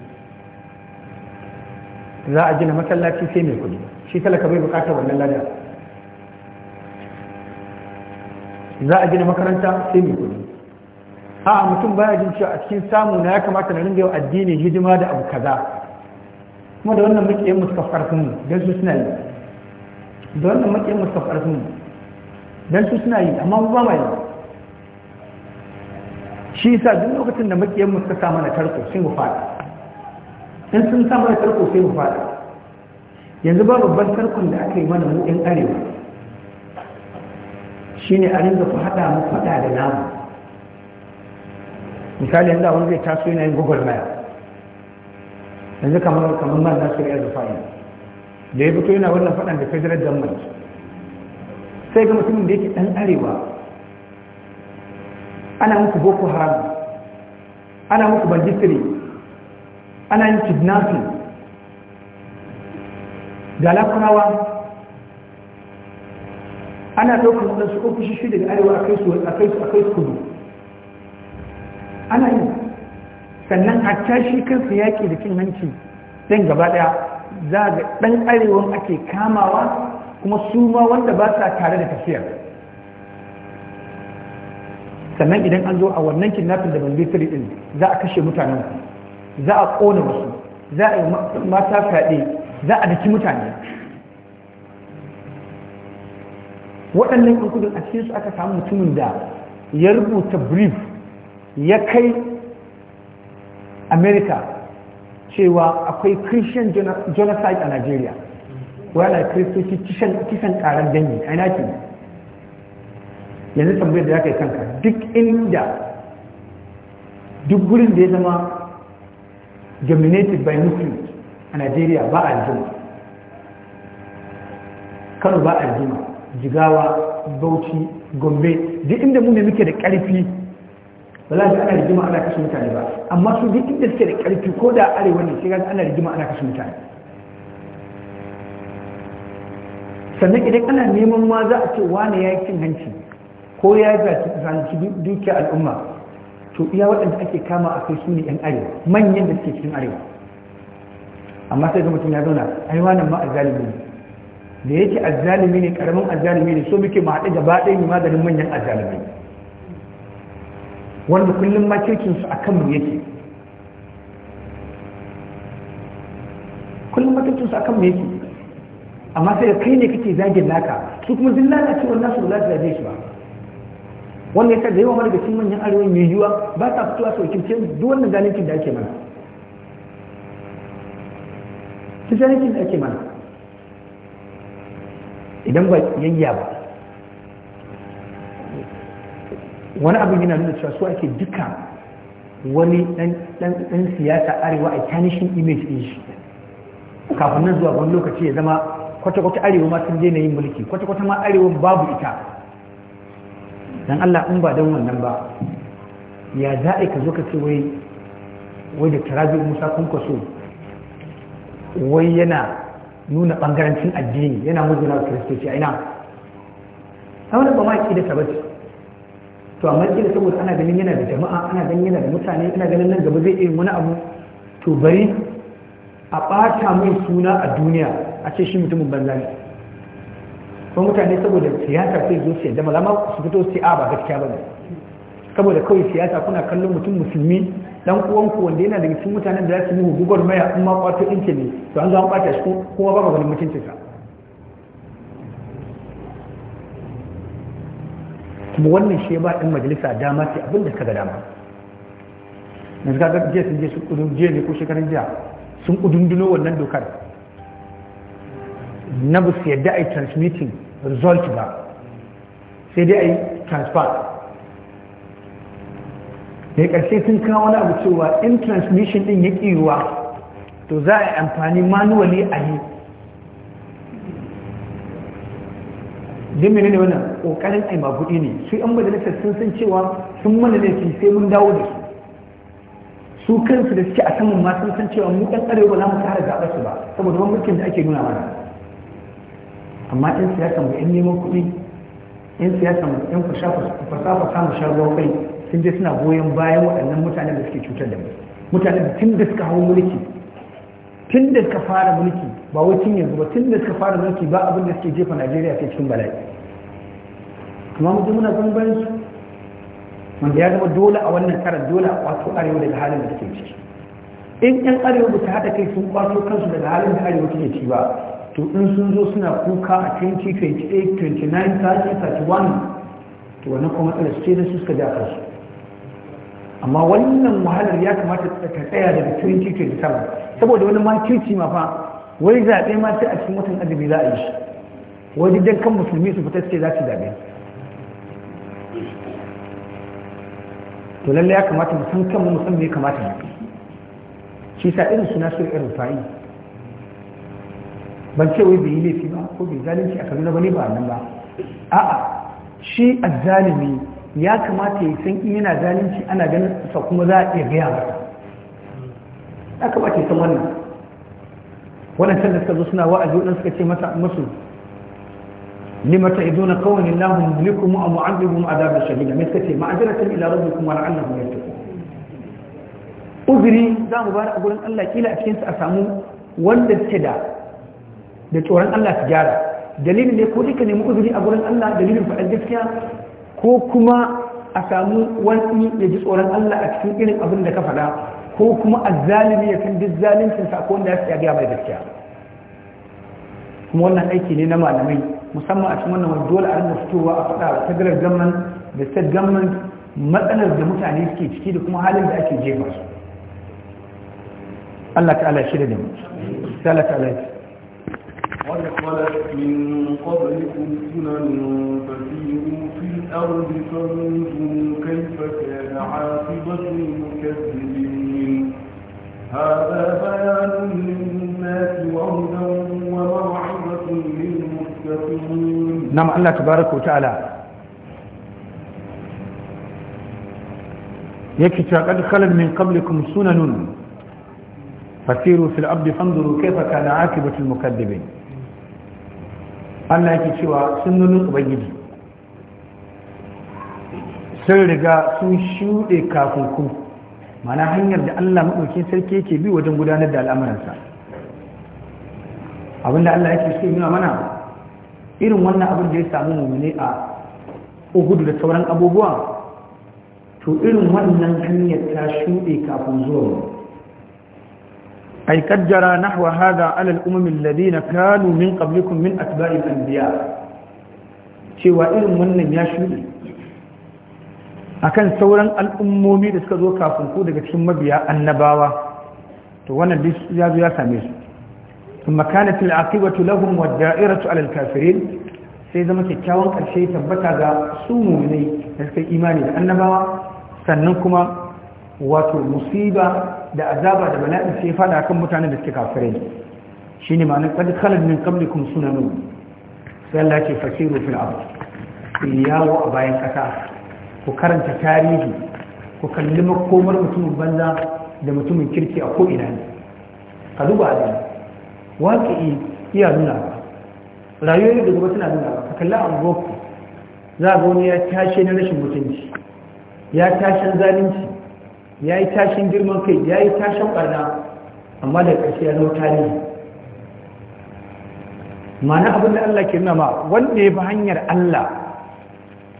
za a gina masallaci sai mai kuɗi shi talaka bai buƙatar wannan lada za a gina makaranta sai mai kuɗi a mutum baya jin cewa a cikin samu na ya kamata na ringa yau addini hidima da abu kaza kuma da wannan makiyan mu sun don su suna yi da wannan makiyan mu sun don su suna yi amma ba ma yi shi sa duk lokacin da makiyan mu sa mana tarko sai mu fada in sun sa mana tarko sai mu fada yanzu ba babban tarkon da aka yi mana mu ɗan arewa ne a ringa ku haɗa mu faɗa da namu misali yanzu a wani zai taso yana yin gwagwarmaya yanzu kamar kamar man shirya ya zufa da ya fito yana wannan faɗan da federal government sai ga mutumin da yake ɗan arewa ana muku boko haram ana muku banditiri ana yin kidnapping da lafarawa ana ɗaukar wadansu ofishishi daga arewa a kai su kudu ana yin sannan a shi kansa yaƙi da cin hanci ɗin gaba ɗaya za ga ɗan arewan ake kamawa kuma su ma wanda ba sa tare da tafiya sannan idan an zo a wannan kidnapping da tiri ɗin za a kashe mutanen za a ƙona wasu za a yi mata fyaɗe za a daki mutane waɗannan ɗin a cikin su aka samu mutumin da ya rubuta brief ya kai america cewa akwai christian genocide a nigeria wala kristoci kisan karar dangi a yanaki yanzu tambayar da ya kai kanka duk inda duk gurin da ya zama dominated by muslims a nigeria ba aljuma kano ba aljuma jigawa bauchi gombe duk inda mu ne muke da karfi ba za ana rigima ana kashe mutane ba amma su duk inda suke da ƙarfi ko da arewa ne sai ana rigima ana kashe mutane sannan idan ana neman ma za a ce wane ya yi cin hanci ko ya zalunci dukiya al'umma to iya waɗanda ake kama a kai su ne 'yan arewa manyan da suke cikin arewa amma sai ga mutum ya zauna ai wannan ma azzalimi ne da yake azzalimi ne karamin azzalimi ne so muke mu haɗe gaba ɗaya ne maganin manyan azzalimi wanda kullum makirkinsu a kanmu yake kullum makirkinsu a kanmu yake amma sai kai ne kake zagin naka su kuma duk cewa nasu ba za su zage shi ba wannan yasa da yawa mara cikin manyan arewa mai yiwuwa ba ta fitowa sau kimce duk wannan zalincin da ake mana duk kin da ake mana idan ba yayya ba wani abin yana nuna cewa su ake duka wani dan siyasa arewa a tanishin image ɗin shi kafin nan zuwa wani lokaci ya zama kwata-kwata arewa ma sun daina yin mulki kwata-kwata ma arewa babu ita dan Allah in ba dan wannan ba ya za ka zo ka ce wai wai da tarabi musa kun kwaso wai yana nuna bangarancin addini yana muzuna kiristoci a ina a wani ba ma ƙi da tabbaci to amma kila saboda ana ganin yana da jama'a ana ganin yana da mutane ana ganin nan gaba zai iya wani abu to bari a ɓata mai suna a duniya a ce shi mutumin banza ne kuma mutane saboda siyasa sai zo su yadda malama su fito su a ba gaskiya ba ne saboda kawai siyasa kuna kallon mutum musulmi dan uwanku wanda yana daga cikin mutanen da za su yi gugurmaya in ma kwato ɗinke ne to an zo an ɓata shi kuma ba maganin mutuncinsa kuma wannan shi ba ɗan majalisa dama ce abin da kaga dama yanzu ka ga jiya sun je sun kudun jiya ne ko shekarun jiya sun kudunduno wannan dokar na ba su yadda a yi transmitting result ba sai dai a yi transfer da ƙarshe sun kawo wani abu cewa in transmission ɗin ya ƙiyuwa to za a yi amfani manuwali a yi don menene wannan kokarin ai magudi ne su yan majalisar sun san cewa sun mana laifi sai mun dawo da su su kansu da suke a saman ma sun san cewa mu ɗan arewa za mu tsara zaɓar su ba saboda mulkin da ake nuna mana amma yan siyasa mu yan neman kuɗi yan siyasa mu ɗan fasafa samun shagon kai sun je suna goyon bayan waɗannan mutanen da suke cutar da mu mutanen da tun da suka hau mulki tun da suka fara mulki ba wai tun yanzu ba tun da suka fara mulki ba abin da suke jefa Najeriya sai cikin bala'i amma mutum muna ganin bayan su wanda ya zama dole a wannan karar dole a kwato arewa daga halin da suke ciki in yan arewa ba su haɗa kai sun kwato kansu daga halin da arewa take ciki ba to in sun zo suna kuka a 2028 29 30 31 to wannan kuma matsalar suke da su suka ja kansu amma wannan wahalar ya kamata ta tsaya daga 2027 saboda wani makirci ma fa wai zaɓe ma sai a cikin watan azumi za a yi shi wai duk kan musulmi su fita ce za su zaɓe to lallai ya kamata mu san kanmu mu san me ya kamata mu shi sa irin suna so irin fa'i ban ce wai bai yi laifi ba ko bai zalunci a kaduna ba ne ba nan ba a'a shi azzalimi ya kamata ya san in yana zalunci ana ganin sa kuma za a iya gaya masa ya kamata san wannan waɗancan da suka zo suna wa'azi waɗanda suka ce masa musu lima ta'iduna qawlan illahu mulikum wa mu'adhibuhum adab shadid me suka ce ma'azratan ila rabbikum Allah la'allahum yattaqun uzuri za mu bada a gurin Allah kila a cikinsa a samu wanda ta da da tsoron Allah su gyara dalilin ne ko duka nemi uzuri a gurin Allah dalilin faɗar gaskiya ko kuma a samu wani ya ji tsoron Allah a cikin irin abin da ka faɗa ko kuma azzalimi ya san duk zalincin sa ko wanda ya ga mai gaskiya kuma wannan aiki ne na malamai musamman a cikin wannan wani dole a rinda fitowa a faɗa a federal government da state government matsalar da mutane suke ciki da kuma halin da ake jefa su Allah ta'ala shirya da mu Allah ta'ala ya قد خلت من قبلكم سنن فسيروا في الأرض فانظروا كيف كان عاقبة المكذبين هذا بيان للناس وهدى وموعظة للمتقين نعم الله تبارك وتعالى yake cewa kad khalal min qablikum sunanun fasiru fil ardi fanzuru kayfa kana akibatul mukaddibin Allah yake cewa sunnun ubangiji sun riga sun shuɗe kafin ku mana hanyar da Allah maɗaukin sarki yake bi wajen gudanar da al'amuransa abinda Allah yake so nuna mana irin wannan abin da ya samu mummune a uhudu da sauran abubuwa to irin wannan hanyar ta shuɗe kafin zuwa Ai Kajjara nahwa hada alal al Ladina alladhina kanu min qablikum min atba'i anbiya cewa irin wannan ya shuɗe akan sauran al'ummomi da suka zo kafin ku daga cikin mabiya annabawa to wannan ya zo ya same su kuma kanat al'aqibatu lahum wa da'iratu 'ala kafirin sai zama kyakkyawan karshe tabbata ga su mu'minai da suka imani da annabawa sannan kuma wato musiba da azaba da bala'i sai fada kan mutanen da suke kafirai shine ma'anar qad khalad min qablikum sunanun sai Allah ya ce fasiru fil ard yawo a bayan kasa ku karanta tarihi ku kalli makomar mutumin banza da mutumin kirki a ko'ina ne ka zuba a zai iya nuna ba rayuwar da zuba suna nuna ba ka kalli an goku za ga wani ya tashe na rashin mutunci ya tashen zalunci ya yi tashen girman kai ya yi tashen ɓarna amma da ƙarshe ya zama tarihi ma'ana abin da Allah ke nuna ma wanda ya bi hanyar Allah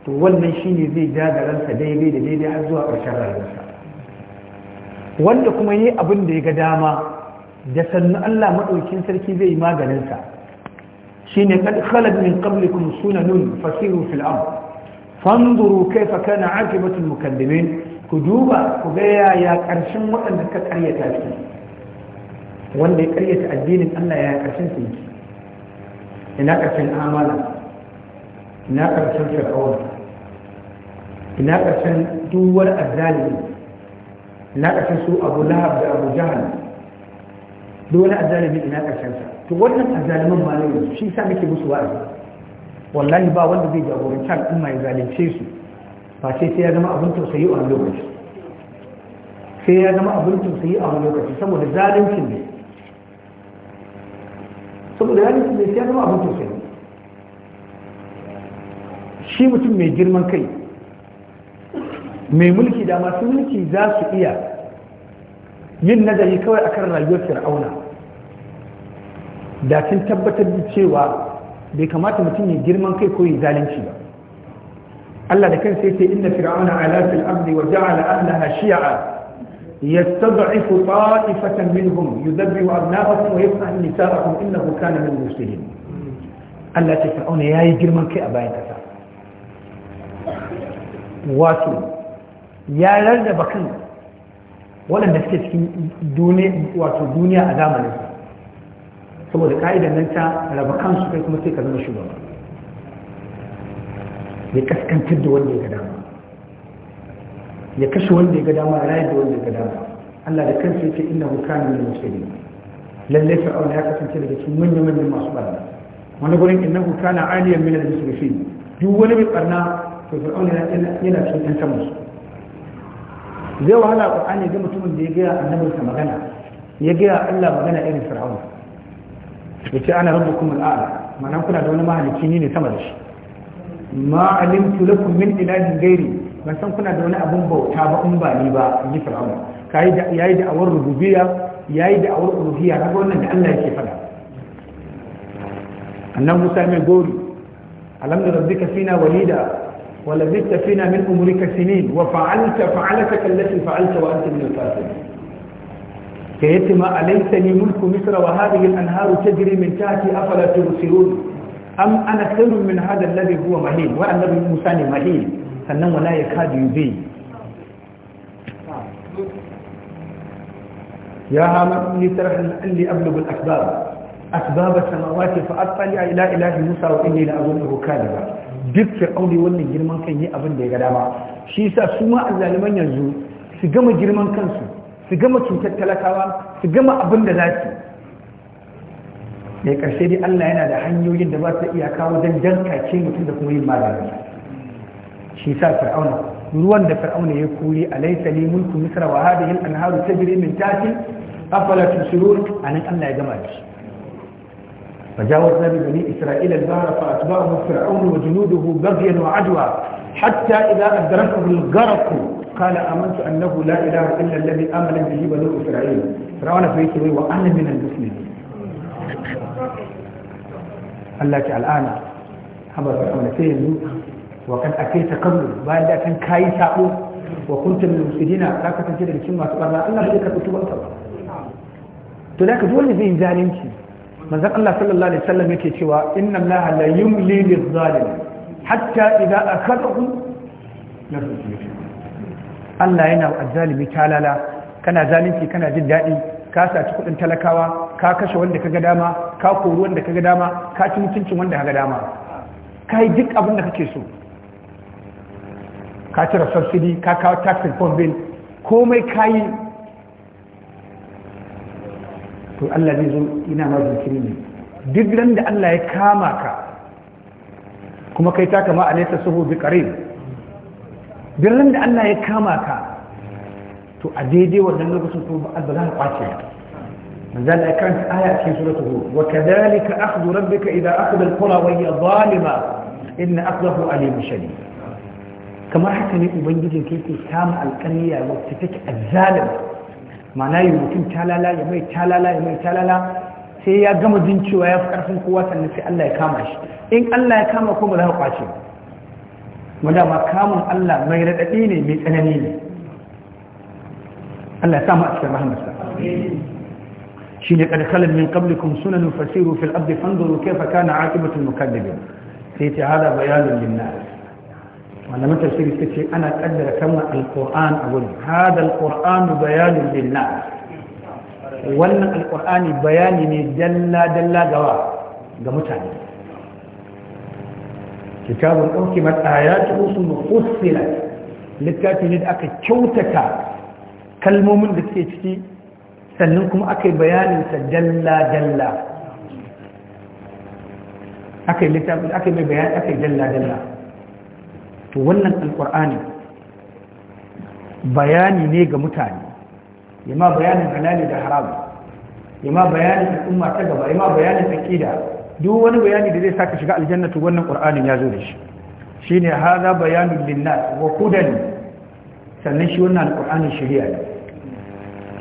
to wannan shine zai ja da ransa daidai da daidai har zuwa ƙarshen rayuwarsa wanda kuma yi abin da ya ga dama da sannu Allah maɗaukin sarki zai yi maganinsa shi ne kad khalad min qablikum sunanun fasiru fil na fanzuru kaifa kana aqibatul mukallimin ku duba ku ga yaya ƙarshen waɗanda ka ƙaryata su wanda ya ƙaryata addinin Allah ya ƙarshen su ina ƙarshen amala ina ƙarshen fir'auna ina ƙarshen duwar azzalimi ina ƙarshen su abu lahab da abu jahal duwar azzalimi ina ƙarshen sa to wannan azzaliman ma ne shi sa muke musu wa'azi wallahi ba wanda zai jagoranci al'umma ya zalunce su ba sai sai ya zama abin tausayi a wani lokaci sai ya zama abin tausayi a wani lokaci saboda zaluncin ne saboda zaluncin ne sai ya zama abin tausayi shi mutum mai girman kai mai mulki da masu mulki za su iya yin nazari kawai akan rayuwar fir'auna da sun tabbatar da cewa bai kamata mutum ya girman kai ko zalunci ba Allah da kansa yace inna fir'auna ala fil ardi wa ja'ala ahlaha shi'a يستضعف طائفة منهم يذبح أبناءهم ويفنى نساءهم إنه كان من المسلمين Allah ce fir'auna ya yi girman kai a bayan kasa wato ya rarraba kan waɗanda suke cikin duniya a zamanin saboda ka'idan nan ta raba kansu kai kuma sai ka zama shugaba ya kaskantar da wanda ya ga dama ya kashe wanda ya ga dama ya rayar da wanda ya ga dama Allah da kansa yake inna hukami min musulmi lalle fir'auna ya kasance daga cikin manyan manyan masu barna wani gurin innahu kana aliyan min al-musrifin duk wani mai barna to fir'auna yana cikin ɗan samansu zai wahala ne ga mutumin da ya gaya annabinsa magana ya gaya Allah magana irin Ya ce ana rabu kuma al'ala Mana kuna da wani mahalicci ni ne sama da shi ma alimtu lakum min ilahin gairi ban san kuna da wani abun bauta ba in ba ni ba ji yi kai da yayi da awar rububiyya yayi da awar uluhiyya wannan da Allah yake faɗa annan Musa mai gori alam da rabbika fina walida ولبثت فينا من أمرك سنين وفعلت فعلتك التي فعلت وأنت من الكافرين كيتما أليسني ملك مصر وهذه الأنهار تجري من تحتي أفلا تبصرون أم أنا خير من هذا الذي هو مهين والنبي موسى مهين sannan لا يكاد يبي. يا هام إني ترى أني أبلغ الأسباب أسباب السماوات فأطلع إلى إله موسى وإني لأظنه كاذبا duk fir'auni wannan girman kan yi abin da ya ga dama shi yasa su ma azaliman yanzu su gama girman kansu su gama cutar talakawa su gama abin da za su mai karshe dai Allah yana da hanyoyin da ba su iya kawo dan dankace mutum da kuma yin magana shi yasa fir'auna ruwan da fir'auna ya kuri a li mulku misra wa hadhihi al ta tajri min tahti afala tusirun anan Allah ya gama shi فجاوزنا ببني إسرائيل البحر فأتبعهم فرعون وجنوده بغيا وعدوى حتى إذا أدركه الغرق قال آمنت أنه لا إله إلا الذي آمن به بنو إسرائيل فرعون فيتوي وأنا من المسلمين الله تعالى الآن أما فرعون سيزو وقد أتيت قبل بعد أن كاي سأو وكنت من المفسدين لا كنت تجد لكما تقرأ الله يجب أن تتوب أنت to da ka manzon Allah sallallahu alaihi wasallam yake cewa inna Allah la yumli zalim hatta idza akhadahu nafsihi Allah yana zalimi talala kana zalunci kana jin daɗi, ka saci kuɗin talakawa ka kashe wanda kaga dama ka koru wanda kaga dama ka ci mutuncin wanda kaga dama kai duk abin da kake so ka cire subsidy ka kawo tax reform bill komai kayi to Allah zai zo ina ma jinkiri ne duk ran da Allah ya kama ka kuma kai ta kama a nesa suhu bi qarib duk ran da Allah ya kama ka to a daidai wannan lokacin to ba za ka kwace من ذلك كانت آية في سورة هود وكذلك أخذ ربك إذا أخذ القرى وهي ظالمة إن أخذه أليم شديد kamar haka ne ubangijin ke ke kama alƙaliya wacce take azzalim mana yi mutum talala ya mai talala ya mai talala sai ya gama jin cewa ya fi karfin kowa sannan sai Allah ya kama shi in Allah ya kama ko ba za ka kwace ba ma kamun Allah mai raɗaɗi ne mai tsanani ne Allah ya samu a cikin rahamarsa shi ne ƙarƙalin min qablikum sunanun fasiru fil abdi fanzuru kaifa kana aqibatul mukaddibin sai ta hada bayanin linnas malaman tafsiri suka ce ana kaddara kalmar alquran a wurin hada alquran bayanun linnas wannan alqur'ani bayani ne dalla dalla gawa ga mutane kitabun ukimat ayatu sun fussilat littafi ne da aka kyautata kalmomin da suke ciki sannan kuma aka yi bayaninsa dalla-dalla aka yi littafi aka yi mai bayani aka yi dalla-dalla to wannan alkur'ani bayani ne ga mutane yamma bayanin halali da haram yamma bayanin al'umma ta gaba yamma bayanin aqida duk wani bayani da zai saka shiga aljanna to wannan qur'anin ya zo da shi shine hadha bayanul linnas wa hudan sannan shi wannan alqur'anin shari'a ne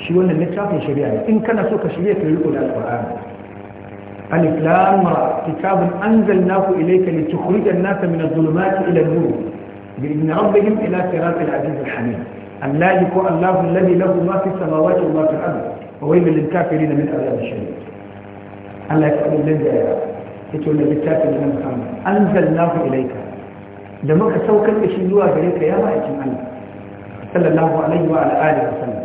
shi wannan littafin shari'a ne in kana so ka shirya ka riko da alqur'ani alif lam ra kitabun anzalnahu ilayka litukhrijan nasa min adh-dhulumati ila an-nur من ربهم إلى صراط العزيز الحميد أن لا يكون الله الذي له ما في السماوات وما في الأرض وويل للكافرين من أرياض الشريف الله يسأل الذي يا رب يتقول الذي كافر من محمد أنزلناه إليك دمك سوك الإشيوة إليك يا رب يتم صلى الله عليه وعلى آله وسلم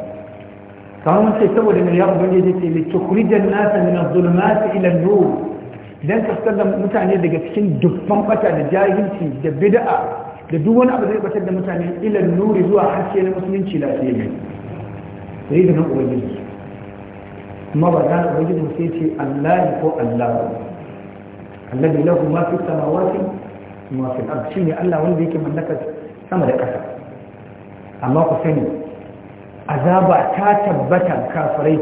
فهم سيسوى لنا يا رب يجيسي لتخرج الناس من الظلمات إلى النور لن أستخدم متعني لك سن دفن قتل جاهل سن دبدأ da duk wani abu zai batar da mutane ilan nuri zuwa harshe na musulunci lafiya ne sai da nan ubangiji amma ba za a ubangiji sai ce Allahi ko Allah Allahi lahu ma fi samawati ma fi al-ard shine Allah wanda yake mallakar sama da ƙasa amma ku sani azaba ta tabbata kafirai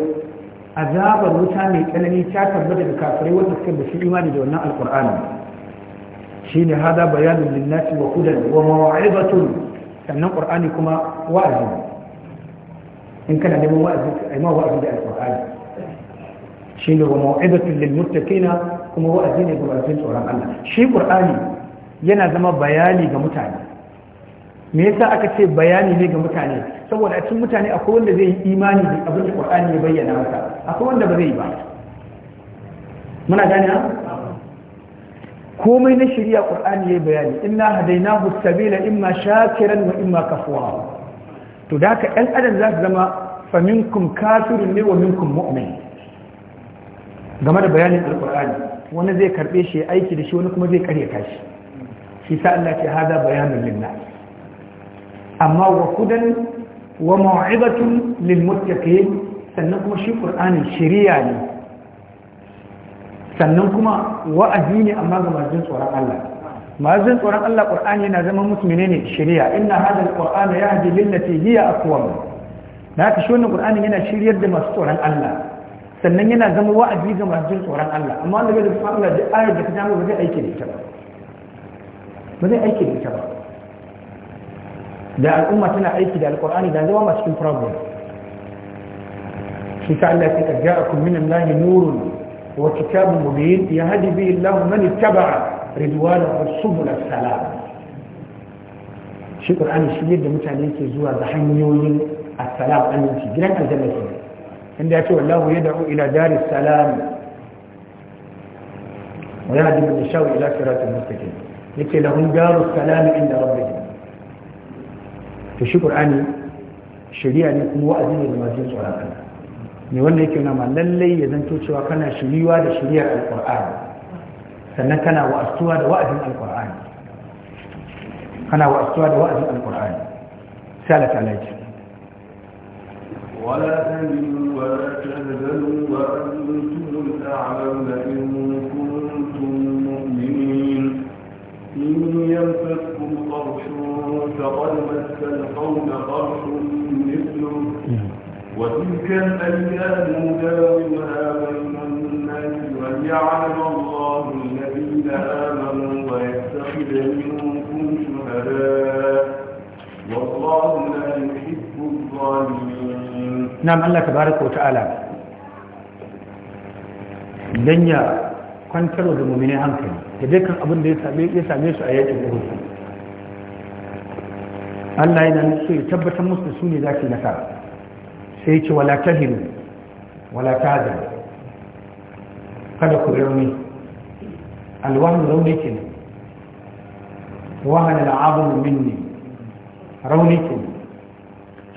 azabar wuta mai tsanani ta tabbata da kafirai wanda suka da shi imani da wannan alqur'ani shine hada bayanun linnati wa hudan wa mawa'izatun sannan qur'ani kuma wa'azi in kana neman wa'azi ai ma wa'azi da alqur'ani shine wa mawa'izatun lil muttaqina kuma wa'azi ne ga masu tsoron Allah shi qur'ani yana zama bayani ga mutane me yasa aka ce bayani ne ga mutane saboda a cikin mutane akwai wanda zai yi imani da abin da qur'ani ya bayyana masa akwai wanda ba zai yi ba muna gane komai na shirya qur'ani ya bayani inna hadainahu sabila imma shakiran wa imma kafura to da haka ɗan adam za su zama fa minkum kafirun ne wa minkum mu'min game da bayanin alqur'ani wani zai karbe shi aiki da shi wani kuma zai karyata shi shi sa Allah ce hada bayanun linnas amma wa hudan wa maw'idatun lil muttaqin sannan kuma shi qur'ani shiriya ne sannan kuma wa'azi ne amma ga masu tsoron Allah masu tsoron Allah Qur'ani yana zama musu menene shari'a inna hadal qur'ana yahdi lillati hiya aqwam na ka shi Qur'ani yana shiryar da masu tsoron Allah sannan yana zama wa'azi ga masu tsoron Allah amma da bai da Allah da ayar da ta damu ba zai aike da ita ba ba zai aike da ita ba da al'umma tana aiki da alqur'ani da zama masu cikin problem shi ta Allah ya ce ka ja'akum min Allah nurun وكتاب مبين يهدي به الله من اتبع رضوانه سبل السلام shi ƙur'ani shi yadda mutane ke zuwa ga hanyoyin assalam aminci gidan aljanna ke inda ya ce wallahu ya da'u ila dari salam wa ya hadimu da shawo ila siratul mustaqim yake lahum daru salam inda rabbihim to shi ƙur'ani shari'a ne kuma wa'azi ne da masu tsoron ne wanda yake nama lallai ya zanto cewa kana shiriwa da shiriyar alkur'ani sannan kana wa'astuwa da wa'azin alkur'ani kana wa'astuwa da wa'azin alkur'ani sai ta alaji ولا تهنوا ولا تهزلوا وأنتم الأعلون إن كنتم مؤمنين إن يمسكم قرش فقد مس القوم قرش مثله وتلك الأيام داولها بين الناس وليعلم الله الذين آمنوا ويتخذ منكم شهداء والله لا يحب الظالمين نعم الله تبارك وتعالى don ya kwantar da mummune hankali da dukkan abin da ya same su a yakin da hutu Allah yana nufin tabbatar musu da su ne za su nasara sai ce wala tahiru wala taza kada ku rauni alwahnu rauni ke wahana al'abun minni rauni ke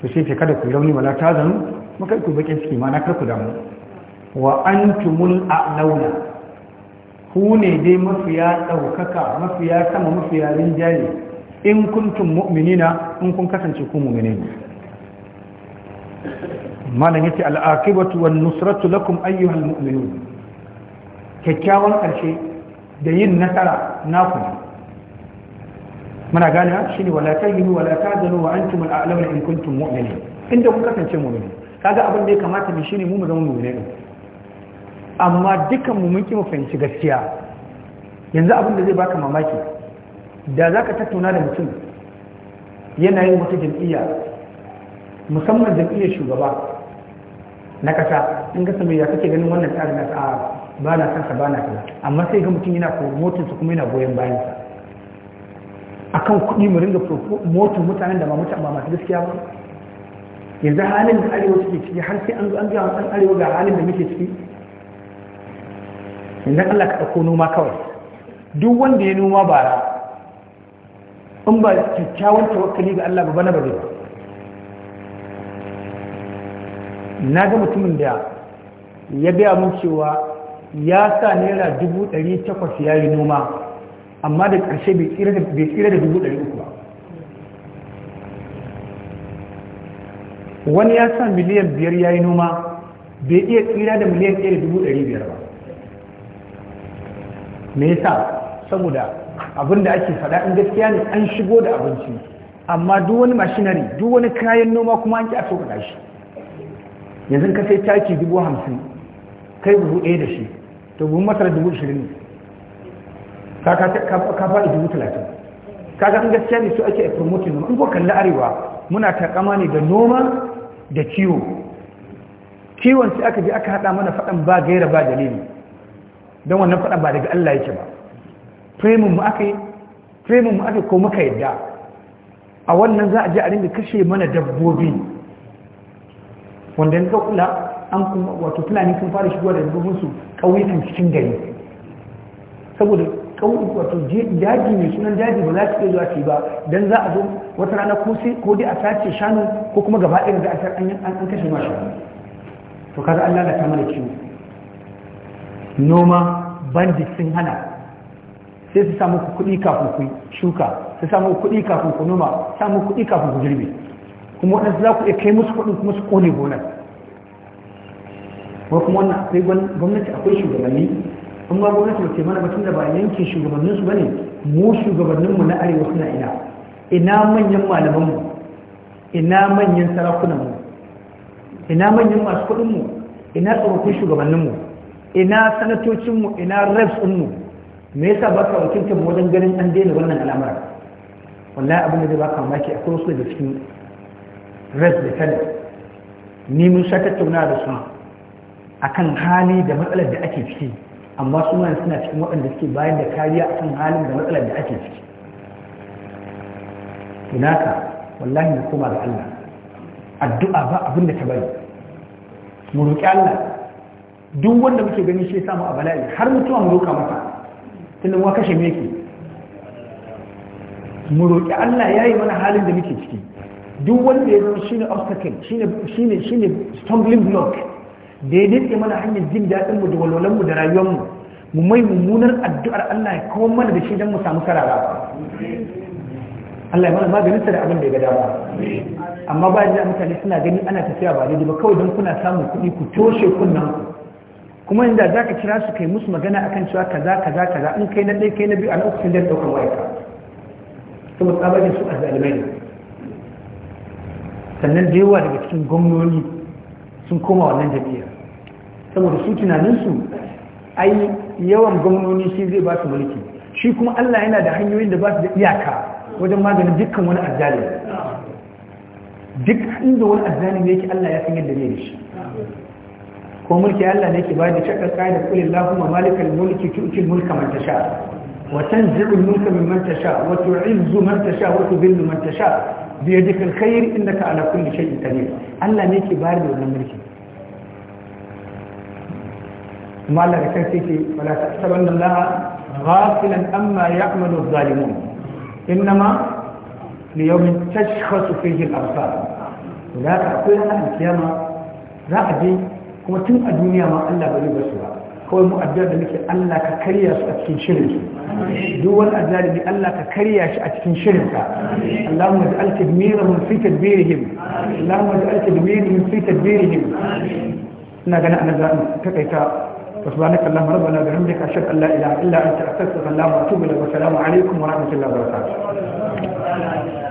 su sai ce kada ku rauni wala tazanu makar ku bakin ciki ma na karku ku damu wa a launa ku ne dai mafiya ɗaukaka mafiya sama mafiya jari, in kuntum mu'minina in kun kasance ku mu'minina malam yace al'aqibatu wan nusratu lakum ayyuhal mu'minun kyakkyawan karshe da yin nasara naku muna gane shine wala tayyinu wala tazanu wa antum al'lamuna in kuntum mu'minin inda kun kasance mu'mini kaga abin da ya kamata mu shine mu mu zama mu'mini amma dukan mu mun ki mu fahimci gaskiya yanzu abin da zai baka mamaki da zaka tattauna da mutum yana yin wata jam'iyya musamman iya shugaba na kasa in ga sami ya kake ganin wannan tsari na a ah, ba na kansa ba na kaza amma sai ga mutum yana promotin su kuma yana goyon bayan sa akan kuɗi mu ringa promotin mutanen da ba mutane ba masu gaskiya ba yanzu halin da arewa suke ciki har sai an zo an gaya ɗan arewa ga halin da muke ciki yanzu Allah ka ɗauko noma kawai duk wanda ya noma bara in ba kyakkyawan tawakkali ga Allah ba bana ba zai ba na ga mutumin da ya biya mun cewa ya sa naira dubu ɗari takwas ya yi noma amma da ƙarshe bai tsira da dubu ɗari uku ba wani ya sa miliyan biyar ya yi noma bai iya tsira da miliyan ɗaya da dubu ɗari biyar ba me yasa saboda abin da ake faɗa in gaskiya ne an shigo da abinci amma duk wani mashinari duk wani kayan noma kuma an ki a sauƙaƙa shi yanzu ka sai taki dubu hamsin kai buhu ɗaya da shi to buhun masara dubu ashirin ka faɗi dubu talatin kaga an gaskiya ne su ake promoting noma in ko kalli arewa muna takama ne da noma da kiwo kiwon sai aka je aka haɗa mana faɗan ba gaira ba dalili don wannan faɗan ba daga Allah yake ba fremin mu aka yi fremin mu aka ko muka yadda a wannan za a je a rinda kashe mana dabbobi wanda ka kula an kuma wato fulani sun fara shigo da su ƙauyukan cikin gari saboda wato daji mai sunan daji ba za su iya zuwa ce ba don za a zo wata rana ko dai a sace shanu ko kuma gaba ɗaya da asar an kashe ma shanu to kaza an lalata mana kiwo noma bandit sun hana sai su samu kuɗi kafin ku shuka su samu kuɗi kafin ku noma samu kuɗi kafin ku girbe kuma waɗansu za ku iya kai musu kuɗin kuma su ƙone gonar ko kuma wannan akwai gwamnati akwai shugabanni kuma ba gwamnati ba ce mana batun da ba yanke shugabanninsu ba ne mu shugabanninmu na arewa suna ina ina manyan malamanmu ina manyan sarakunanmu ina manyan masu kuɗinmu ina tsofaffin shugabanninmu ina sanatocinmu ina reps ɗinmu me yasa ba ka mu wajen ganin an daina wannan al'amarin wallahi abin da zai baka mamaki akwai wasu daga cikin res da sani ni mun sha tattauna da su akan hali da matsalar da ake ciki amma suna suna cikin waɗanda suke bayan da kariya akan halin da matsalar da ake ciki tunaka wallahi na koma ga Allah addu'a ba abin da ta bari mu roƙi Allah duk wanda muke gani shi samu a bala'i har mutuwa mu roƙa masa tunda mu kashe me yake mu roƙi Allah yayi mana halin da muke ciki duk wanda ya zama shine obstacle shine shine shine stumbling block da ya dace mana hanyar jin daɗin mu da walwalan mu da rayuwar mu mu mai mummunar addu'ar Allah ya kawo mana da shi dan mu samu karara Allah ya mana maganin sa da abin da ya ga dama amma ba da mutane suna gani ana tafiya ba daidai ba kawai dan kuna samun kuɗi ku toshe kunnan kuma inda za ka kira su kai musu magana akan cewa kaza kaza kaza in kai na ɗaya kai na biyu a lokacin da ɗaukar wayarka saboda tsabarin su a zalimai sannan da yawa daga cikin gwamnoni sun koma wannan jam'iyyar saboda su tunaninsu ai yawan gwamnoni shi zai ba su mulki shi kuma allah yana da hanyoyin da ba su da iyaka wajen maganin dukkan wani azzali duk inda wani azzali ne yake allah ya san yadda ne da shi ko mulki allah ne yake ba da shakar da kulin lahuma malikal mulki tu'til mulka man tasha وتنزع الملك ممن تشاء وتعز من تشاء وتذل من تشاء bi ya jikin khayir inda ka ala kulli shayi ta ne Allah ne ke bayar da wannan mulki kuma Allah da kansa yake wala ta sabanna Allah ghafilan amma ya'malu adh-dhalimun innama li yawmin tashkhasu fihi al-absar wala ta kullu an kiyama za a je kuma tun a duniya ma Allah bai bar su ba kawai mu addu'ar da muke Allah ka karya su a cikin shirin su duk wani azzalimi Allah ka karya shi a cikin shirin ka Allahumma ij'al tadmirahum fi tadbirihim Allahumma ij'al tadmirahum fi tadbirihim ina ganin an zaɓi takaita سبحانك اللهم ربنا بحمدك اشهد ان لا اله الا انت استغفرك اللهم واتوب اليك والسلام عليكم ورحمه الله وبركاته